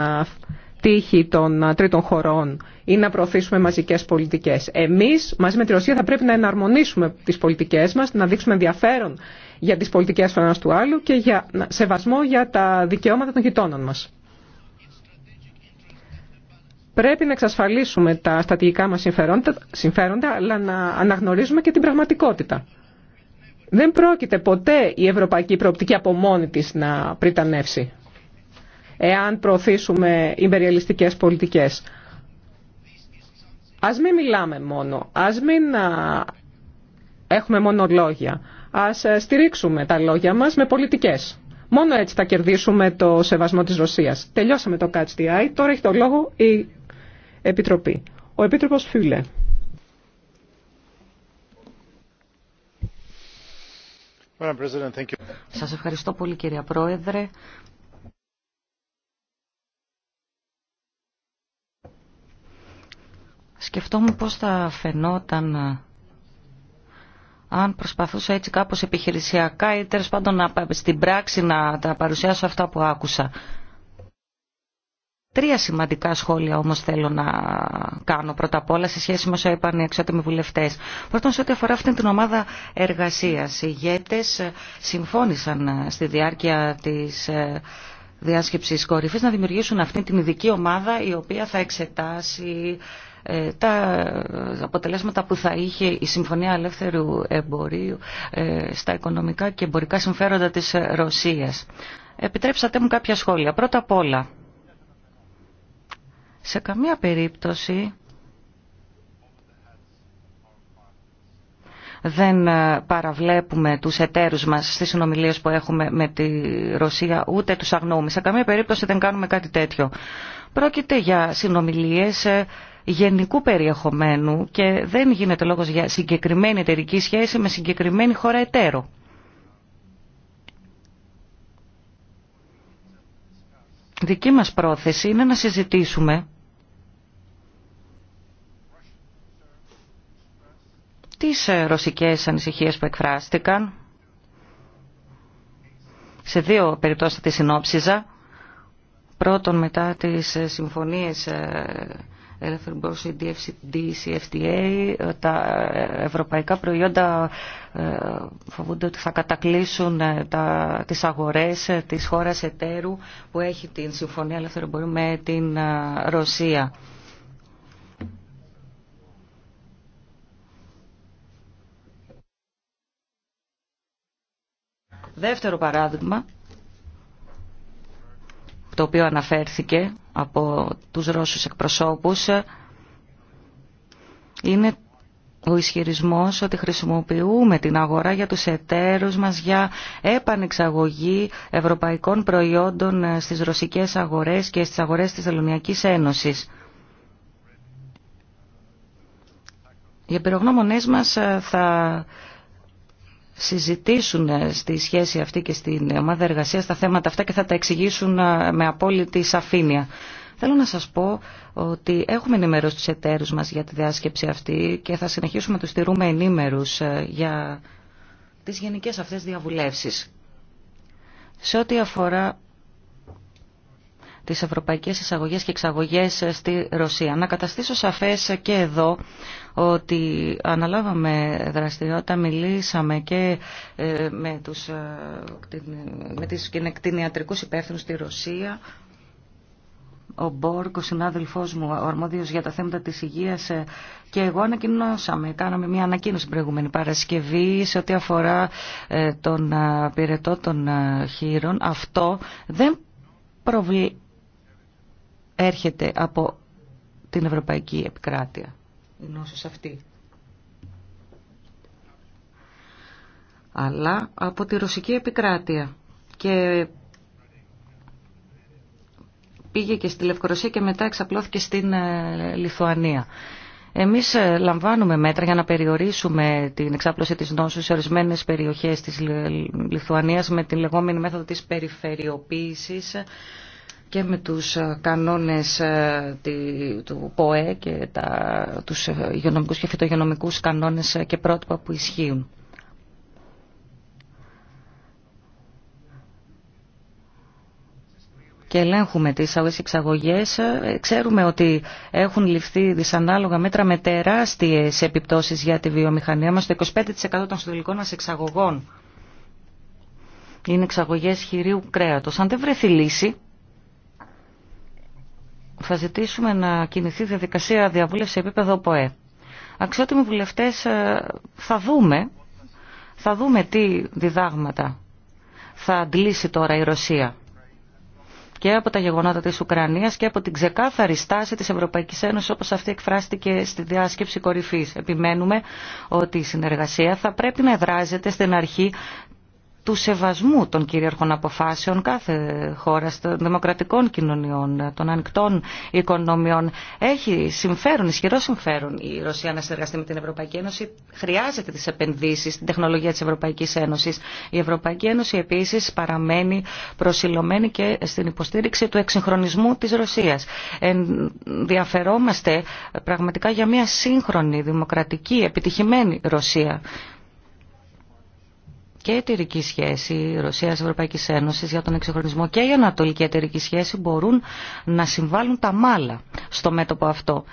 τύχη των τρίτων χωρών ή να προωθήσουμε μαζικές πολιτικές. Εμείς μαζί με τη Ρωσία θα πρέπει να εναρμονίσουμε τις πολιτικές μας, να δείξουμε ενδιαφέρον για τις πολιτικές του του άλλου και για σεβασμό για τα δικαιώματα των γειτόνων μας. Πρέπει να εξασφαλίσουμε τα στατηγικά μας συμφέροντα, συμφέροντα, αλλά να αναγνωρίζουμε και την πραγματικότητα. Δεν πρόκειται ποτέ η ευρωπαϊκή προοπτική από μόνη της να πριτανεύσει, εάν προωθήσουμε υπεριαλιστικές πολιτικές. Ας μην μιλάμε μόνο, ας μην έχουμε μόνο λόγια. Ας ε, στηρίξουμε τα λόγια μας με πολιτικές. Μόνο έτσι θα κερδίσουμε το σεβασμό της Ρωσίας. Τελειώσαμε το Catch τώρα έχει το λόγο η Επιτροπή. Ο Επίτροπος Φιούλε. Σας ευχαριστώ πολύ κυρία Πρόεδρε. Σκεφτόμουν πώς θα φαινόταν αν προσπαθούσα έτσι κάπως επιχειρησιακά ή τέλος πάντων να, στην πράξη να τα παρουσιάσω αυτά που άκουσα. Τρία σημαντικά σχόλια όμω θέλω να κάνω πρώτα απ' όλα σε σχέση με όσα είπαν οι Πρώτον, σε ό,τι αφορά αυτήν την ομάδα εργασία, οι ηγέτε συμφώνησαν στη διάρκεια τη ε, διάσκεψη κορυφή να δημιουργήσουν αυτή την ειδική ομάδα η οποία θα εξετάσει ε, τα αποτελέσματα που θα είχε η Συμφωνία Ελεύθερου Εμπορίου ε, στα οικονομικά και εμπορικά συμφέροντα της Ρωσίας. Επιτρέψατε μου κάποια σχόλια. Πρώτα απ' όλα, σε καμία περίπτωση δεν ε, παραβλέπουμε τους εταίρους μας στις συνομιλίες που έχουμε με τη Ρωσία, ούτε τους αγνοούμε. Σε καμία περίπτωση δεν κάνουμε κάτι τέτοιο. Πρόκειται για συνομιλίες ε, γενικού περιεχομένου και δεν γίνεται λόγος για συγκεκριμένη εταιρική σχέση με συγκεκριμένη χώρα εταίρο. Δική μας πρόθεση είναι να συζητήσουμε τις ε, ρωσικές ανησυχίες που εκφράστηκαν. Σε δύο περιπτώσεις τη συνόψιζα. Πρώτον μετά τις ε, συμφωνίες ε, ελεύθερη DFCD, DCFTA, τα ευρωπαϊκά προϊόντα φοβούνται ότι θα κατακλείσουν τα, τις αγορές της χώρας εταίρου που έχει την Συμφωνία Ελεύθερου με την Ρωσία. Δεύτερο παράδειγμα, το οποίο αναφέρθηκε από τους Ρώσους εκπροσώπους, είναι ο ισχυρισμός ότι χρησιμοποιούμε την αγορά για τους εταίρους μας για επανεξαγωγή ευρωπαϊκών προϊόντων στις ρωσικές αγορές και στις αγορές της Ελληνιακής Ένωσης. Οι επιρρογνώμονές μας θα συζητήσουν ε, στη σχέση αυτή και στην ομάδα εργασία τα θέματα αυτά και θα τα εξηγήσουν ε, με απόλυτη σαφήνεια. Θέλω να σας πω ότι έχουμε ενημερώσει τους εταίρους μας για τη διάσκεψη αυτή και θα συνεχίσουμε να τους στηρούμε ενήμερους ε, για τις γενικές αυτές διαβουλεύσεις. Σε ό,τι αφορά τις ευρωπαϊκές Εισαγωγέ και εξαγωγέ στη Ρωσία. Να καταστήσω σαφές και εδώ ότι αναλάβαμε δραστηριότητα, μιλήσαμε και ε, με, τους, ε, με τις υπεύθυνους στη Ρωσία, ο Μπόρκ, ο συνάδελφό μου, ο αρμόδιο για τα θέματα τη υγεία ε, και εγώ ανακοινώσαμε, κάναμε μια ανακοίνωση προηγούμενη Παρασκευή σε ό,τι αφορά τον πυρετό των χείρων. Αυτό δεν έρχεται από την Ευρωπαϊκή Επικράτεια. Η νόσος αυτή. Αλλά από τη Ρωσική Επικράτεια. Και πήγε και στη Λευκορωσία και μετά εξαπλώθηκε στην ε, Λιθουανία. Εμείς ε, λαμβάνουμε μέτρα για να περιορίσουμε την εξάπλωση της νόσου σε ορισμένες περιοχές της Λιθουανίας με την λεγόμενη μέθοδο της περιφερειοποίησης και με τους ε, κανόνες ε, του ΠΟΕ και τα, τους ε, υγειονομικούς και φυτογειονομικούς κανόνες και πρότυπα που ισχύουν. και ελέγχουμε τις αγωγές εξαγωγές, ξέρουμε ότι έχουν ληφθεί δυσανάλογα μέτρα με τεράστιες επιπτώσεις για τη βιομηχανία μας. Το 25% των συνολικών μας εξαγωγών είναι εξαγωγές χειρίου κρέατος. Αν δεν βρεθεί λύση, θα ζητήσουμε να κινηθεί διαδικασία διαβούλευση σε επίπεδο ΠΟΕ. Αξιότιμοι βουλευτές, ε, θα δούμε, θα δούμε τι διδάγματα θα αντλήσει τώρα η Ρωσία και από τα γεγονότα της Ουκρανίας και από την ξεκάθαρη στάση της Ευρωπαϊκής Ένωσης όπως αυτή εκφράστηκε στη διάσκεψη κορυφής. Επιμένουμε ότι η συνεργασία θα πρέπει να εδράζεται στην αρχή του σεβασμού των κυρίαρχων αποφάσεων κάθε χώρα, των δημοκρατικών κοινωνιών, των ανοιχτών οικονομιών. Έχει συμφέρον, ισχυρό συμφέρον η Ρωσία να συνεργαστεί με την Ευρωπαϊκή Ένωση. Χρειάζεται τι επενδύσει στην τεχνολογία τη Ευρωπαϊκή Ένωση. Η Ευρωπαϊκή Ένωση επίση παραμένει προσιλωμένη και στην υποστήριξη του εξυγχρονισμού τη Ρωσία. Ενδιαφερόμαστε πραγματικά για μια σύγχρονη, δημοκρατική, επιτυχημένη Ρωσία και εταιρική σχέση Ρωσίας-Ευρωπαϊκής Ένωσης για τον εξυγχρονισμό και η ανατολική εταιρική σχέση μπορούν να συμβάλλουν τα μάλα στο μέτωπο αυτό.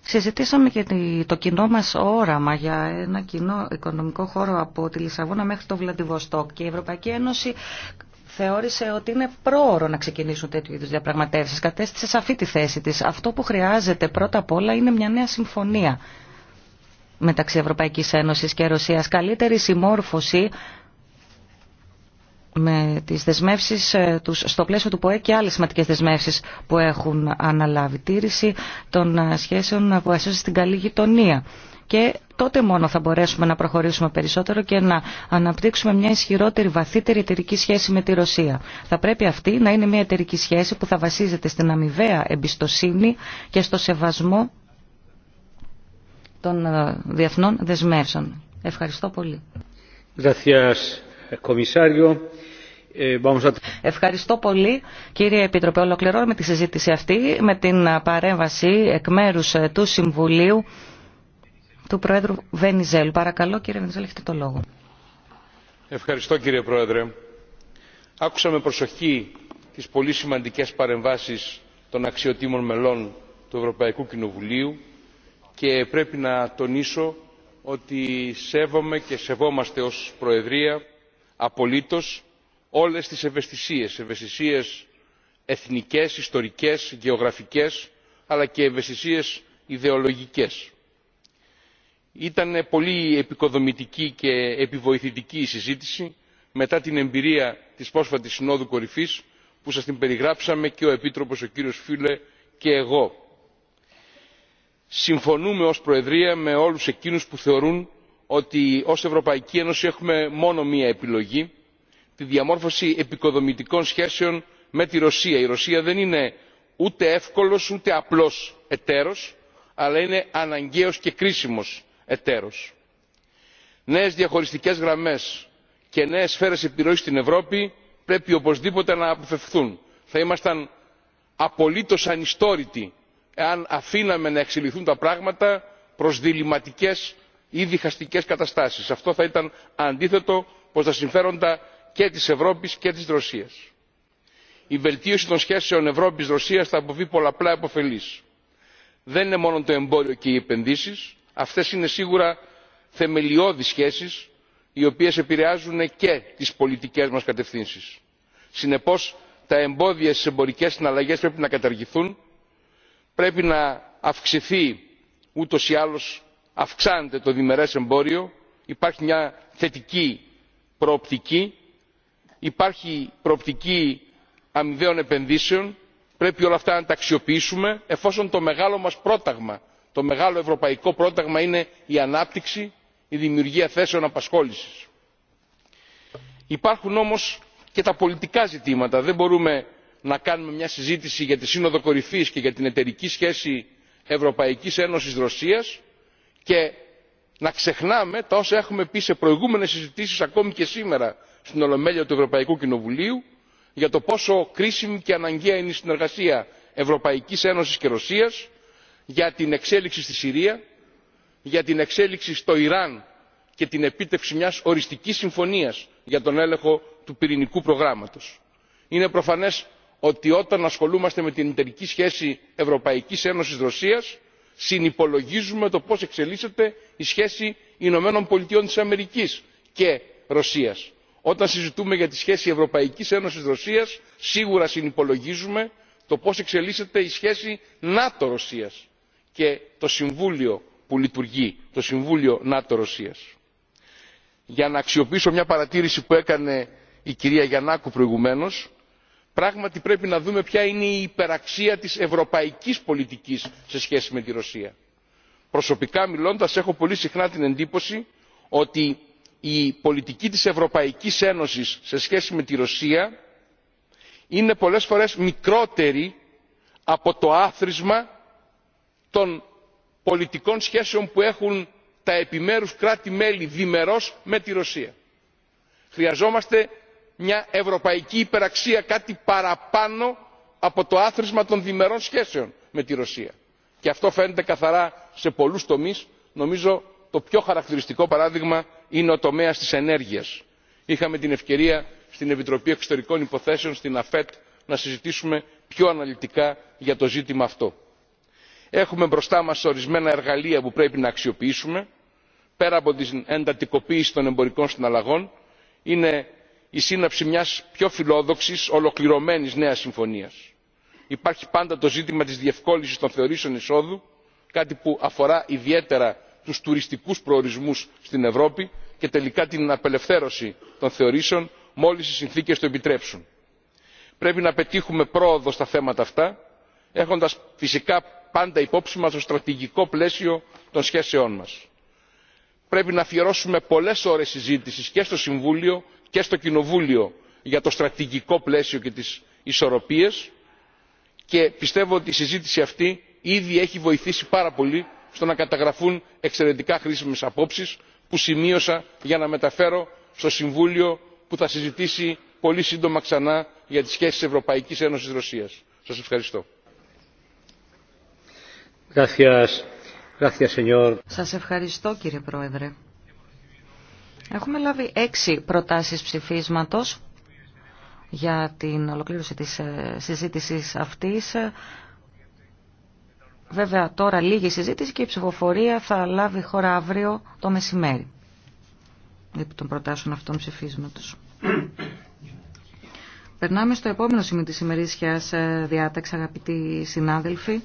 Συζητήσαμε και το κοινό μας όραμα για ένα κοινό οικονομικό χώρο από τη Λισαβόνα μέχρι το Βλαντιβοστόκ και η Ευρωπαϊκή Ένωση θεώρησε ότι είναι πρόωρο να ξεκινήσουν τέτοιου είδου διαπραγματεύσει. Κατέστησε αυτή τη θέση τη. Αυτό που χρειάζεται πρώτα απ' όλα είναι μια νέα συμφωνία μεταξύ Ευρωπαϊκής Ένωσης και Ρωσίας. Καλύτερη συμμόρφωση με τις δεσμεύσεις ε, τους στο πλαίσιο του ΠΟΕ και άλλες σημαντικές δεσμεύσεις που έχουν αναλάβει τήρηση των ε, σχέσεων που στην καλή γειτονία. Και τότε μόνο θα μπορέσουμε να προχωρήσουμε περισσότερο και να αναπτύξουμε μια ισχυρότερη, βαθύτερη εταιρική σχέση με τη Ρωσία. Θα πρέπει αυτή να είναι μια εταιρική σχέση που θα βασίζεται στην αμοιβαία εμπιστοσύνη και στο σεβασμό των ε, διεθνών δεσμεύσεων. Ευχαριστώ πολύ. Gracias, ε, Ευχαριστώ πολύ κύριε Επίτροπε. Ολοκληρώνουμε τη συζήτηση αυτή με την παρέμβαση εκ μέρου ε, του Συμβουλίου του Προέδρου Βενιζέλου. Παρακαλώ κύριε Βενιζέλου, έχετε το λόγο. Ευχαριστώ κύριε Πρόεδρε. Άκουσα με προσοχή τις πολύ σημαντικές παρεμβάσεις των αξιοτήμων μελών του Ευρωπαϊκού Κοινοβουλίου και πρέπει να τονίσω ότι σέβομαι και σεβόμαστε ως Προεδρία απολύτως όλες τις ευαισθησίες ευαισθησίες εθνικές ιστορικές γεωγραφικές αλλά και ευαισθησίες ιδεολογικές. ήταν πολύ επικοδομητική και επιβοηθητική η συζήτηση μετά την εμπειρία της πρόσφατης συνόδου κορυφής που σας την περιγράψαμε και ο επίτροπος ο κύριος Φίλε και εγώ. συμφωνούμε ως προεδρία με όλους εκείνους που θεωρούν ότι ως ευρωπαϊκή ένωση έχουμε μόνο μία επιλογή τη διαμόρφωση επικοδομητικών σχέσεων με τη ρωσία. η ρωσία δεν είναι ούτε εύκολος ούτε απλός εταίρος αλλά είναι αναγκαίος και κρίσιμος εταίρος. νέες διαχωριστικές γραμμές και νέες σφαίρες επιρροής στην ευρώπη πρέπει οπωσδήποτε να αποφευχθούν. θα ήμασταν απολύτως ανιστόρητοι εάν αφήναμε να εξελιχθούν τα πράγματα προς διληματικές ή διχαστικές καταστάσεις. αυτό θα ήταν αντίθετο τα συμφέροντα και της ευρώπης και της ρωσίας. η βελτίωση των σχέσεων ευρώπης ρωσίας θα αποβεί πολλαπλά επωφελής. δεν είναι μόνο το εμπόριο και οι επενδύσεις αυτές είναι σίγουρα θεμελιώδεις σχέσεις οι οποίες επηρεάζουν και τις πολιτικές μας κατευθύνσεις. συνεπώς τα εμπόδια στις εμπορικές συναλλαγές πρέπει να καταργηθούν πρέπει να αυξηθεί ούτως ή άλλως αυξάνεται το διμερές εμπόριο υπάρχει μια θετική προοπτική υπάρχει προοπτική αμοιβαίων επενδύσεων πρέπει όλα αυτά να τα αξιοποιήσουμε εφόσον το μεγάλο μας πρόταγμα το μεγάλο ευρωπαϊκό πρόταγμα είναι η ανάπτυξη η δημιουργία θέσεων απασχόλησης. υπάρχουν όμως και τα πολιτικά ζητήματα. δεν μπορούμε να κάνουμε μια συζήτηση για τη σύνοδο κορυφής και για την εταιρική σχέση ευρωπαϊκής ένωσης ρωσίας και να ξεχνάμε τα όσα έχουμε πει σε προηγούμενες συζητήσεις ακόμη και σήμερα στην ολομέλεια του ευρωπαϊκού κοινοβουλίου για το πόσο κρίσιμη και αναγκαία είναι η συνεργασία ευρωπαϊκής ένωσης και ρωσίας για την εξέλιξη στη συρία για την εξέλιξη στο ιράν και την επίτευξη μιας οριστικής συμφωνίας για τον έλεγχο του πυρηνικού προγράμματος. είναι προφανές ότι όταν ασχολούμαστε με την εταιρική σχέση ευρωπαϊκής ένωσης ρωσίας συνυπολογίζουμε το πώς εξελίσσεται η σχέση ηνωμένων πολιτειών της αμερικής και ρωσίας όταν συζητούμε για τη σχέση ευρωπαϊκής ένωσης ρωσίας σίγουρα συνυπολογίζουμε το πώς εξελίσσεται η σχέση νατο ρωσίας και το συμβούλιο που λειτουργεί το συμβούλιο νατο ρωσίας. για να αξιοποιήσω μια παρατήρηση που έκανε η κυρία γιαννάκου προηγουμένως πράγματι πρέπει να δούμε ποια είναι η υπεραξία της ευρωπαϊκής πολιτικής σε σχέση με τη ρωσία. προσωπικά μιλώντας έχω πολύ συχνά την εντύπωση ότι η πολιτική της ευρωπαϊκής ένωσης σε σχέση με τη ρωσία είναι πολλές φορές μικρότερη από το άθροισμα των πολιτικών σχέσεων που έχουν τα επιμέρους κράτη μέλη διμερώς με τη ρωσία. χρειαζόμαστε μια ευρωπαϊκή υπεραξία κάτι παραπάνω από το άθροισμα των διμερών σχέσεων με τη ρωσία και αυτό φαίνεται καθαρά σε πολλούς τομείς νομίζω το πιο χαρακτηριστικό παράδειγμα είναι ο τομέας της ενέργειας. είχαμε την ευκαιρία στην επιτροπή εξωτερικών υποθέσεων στην αφετ να συζητήσουμε πιο αναλυτικά για το ζήτημα αυτό. έχουμε μπροστά μας ορισμένα εργαλεία που πρέπει να αξιοποιήσουμε πέρα από την εντατικοποίηση των εμπορικών συναλλαγών είναι η σύναψη μιας πιο φιλόδοξης ολοκληρωμένης νέας συμφωνίας. υπάρχει πάντα το ζήτημα της διευκόλυνσης των θεωρήσεων εισόδου κάτι που αφορά ιδιαίτερα τους τουριστικούς προορισμούς στην ευρώπη και τελικά την απελευθέρωση των θεωρήσεων μόλις οι συνθήκες το επιτρέψουν. πρέπει να πετύχουμε πρόοδο στα θέματα αυτά έχοντας φυσικά πάντα υπόψη μας το στρατηγικό πλαίσιο των σχέσεών μας. πρέπει να αφιερώσουμε πολλές ώρες συζήτησης και στο συμβούλιο και στο κοινοβούλιο για το στρατηγικό πλαίσιο και τις ισορροπίες και πιστεύω ότι η συζήτηση αυτή ήδη έχει βοηθήσει πάρα πολύ στο να καταγραφούν εξαιρετικά χρήσιμε απόψει που σημείωσα για να μεταφέρω στο συμβούλιο που θα συζητήσει πολύ σύντομα ξανά για τις σχέσεις ευρωπαϊκής ένωσης ρωσίας. σας ευχαριστώ. Σας ευχαριστώ κύριε Πρόεδρε. Έχουμε λάβει έξι προτάσεις ψηφίσματος για την ολοκλήρωση της ε, συζήτησης αυτής. Βέβαια τώρα λίγη συζήτηση και η ψηφοφορία θα λάβει χώρα αύριο το μεσημέρι. Επί των προτάσεων αυτών ψηφίσματος. Περνάμε στο επόμενο σημείο της ημερήσιας ε, διάταξη, αγαπητοί συνάδελφοι,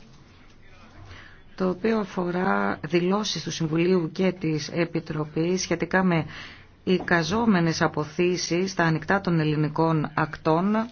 το οποίο αφορά δηλώσεις του Συμβουλίου και της Επιτροπής σχετικά με οι καζόμενες αποθήσεις στα ανοιχτά των ελληνικών ακτών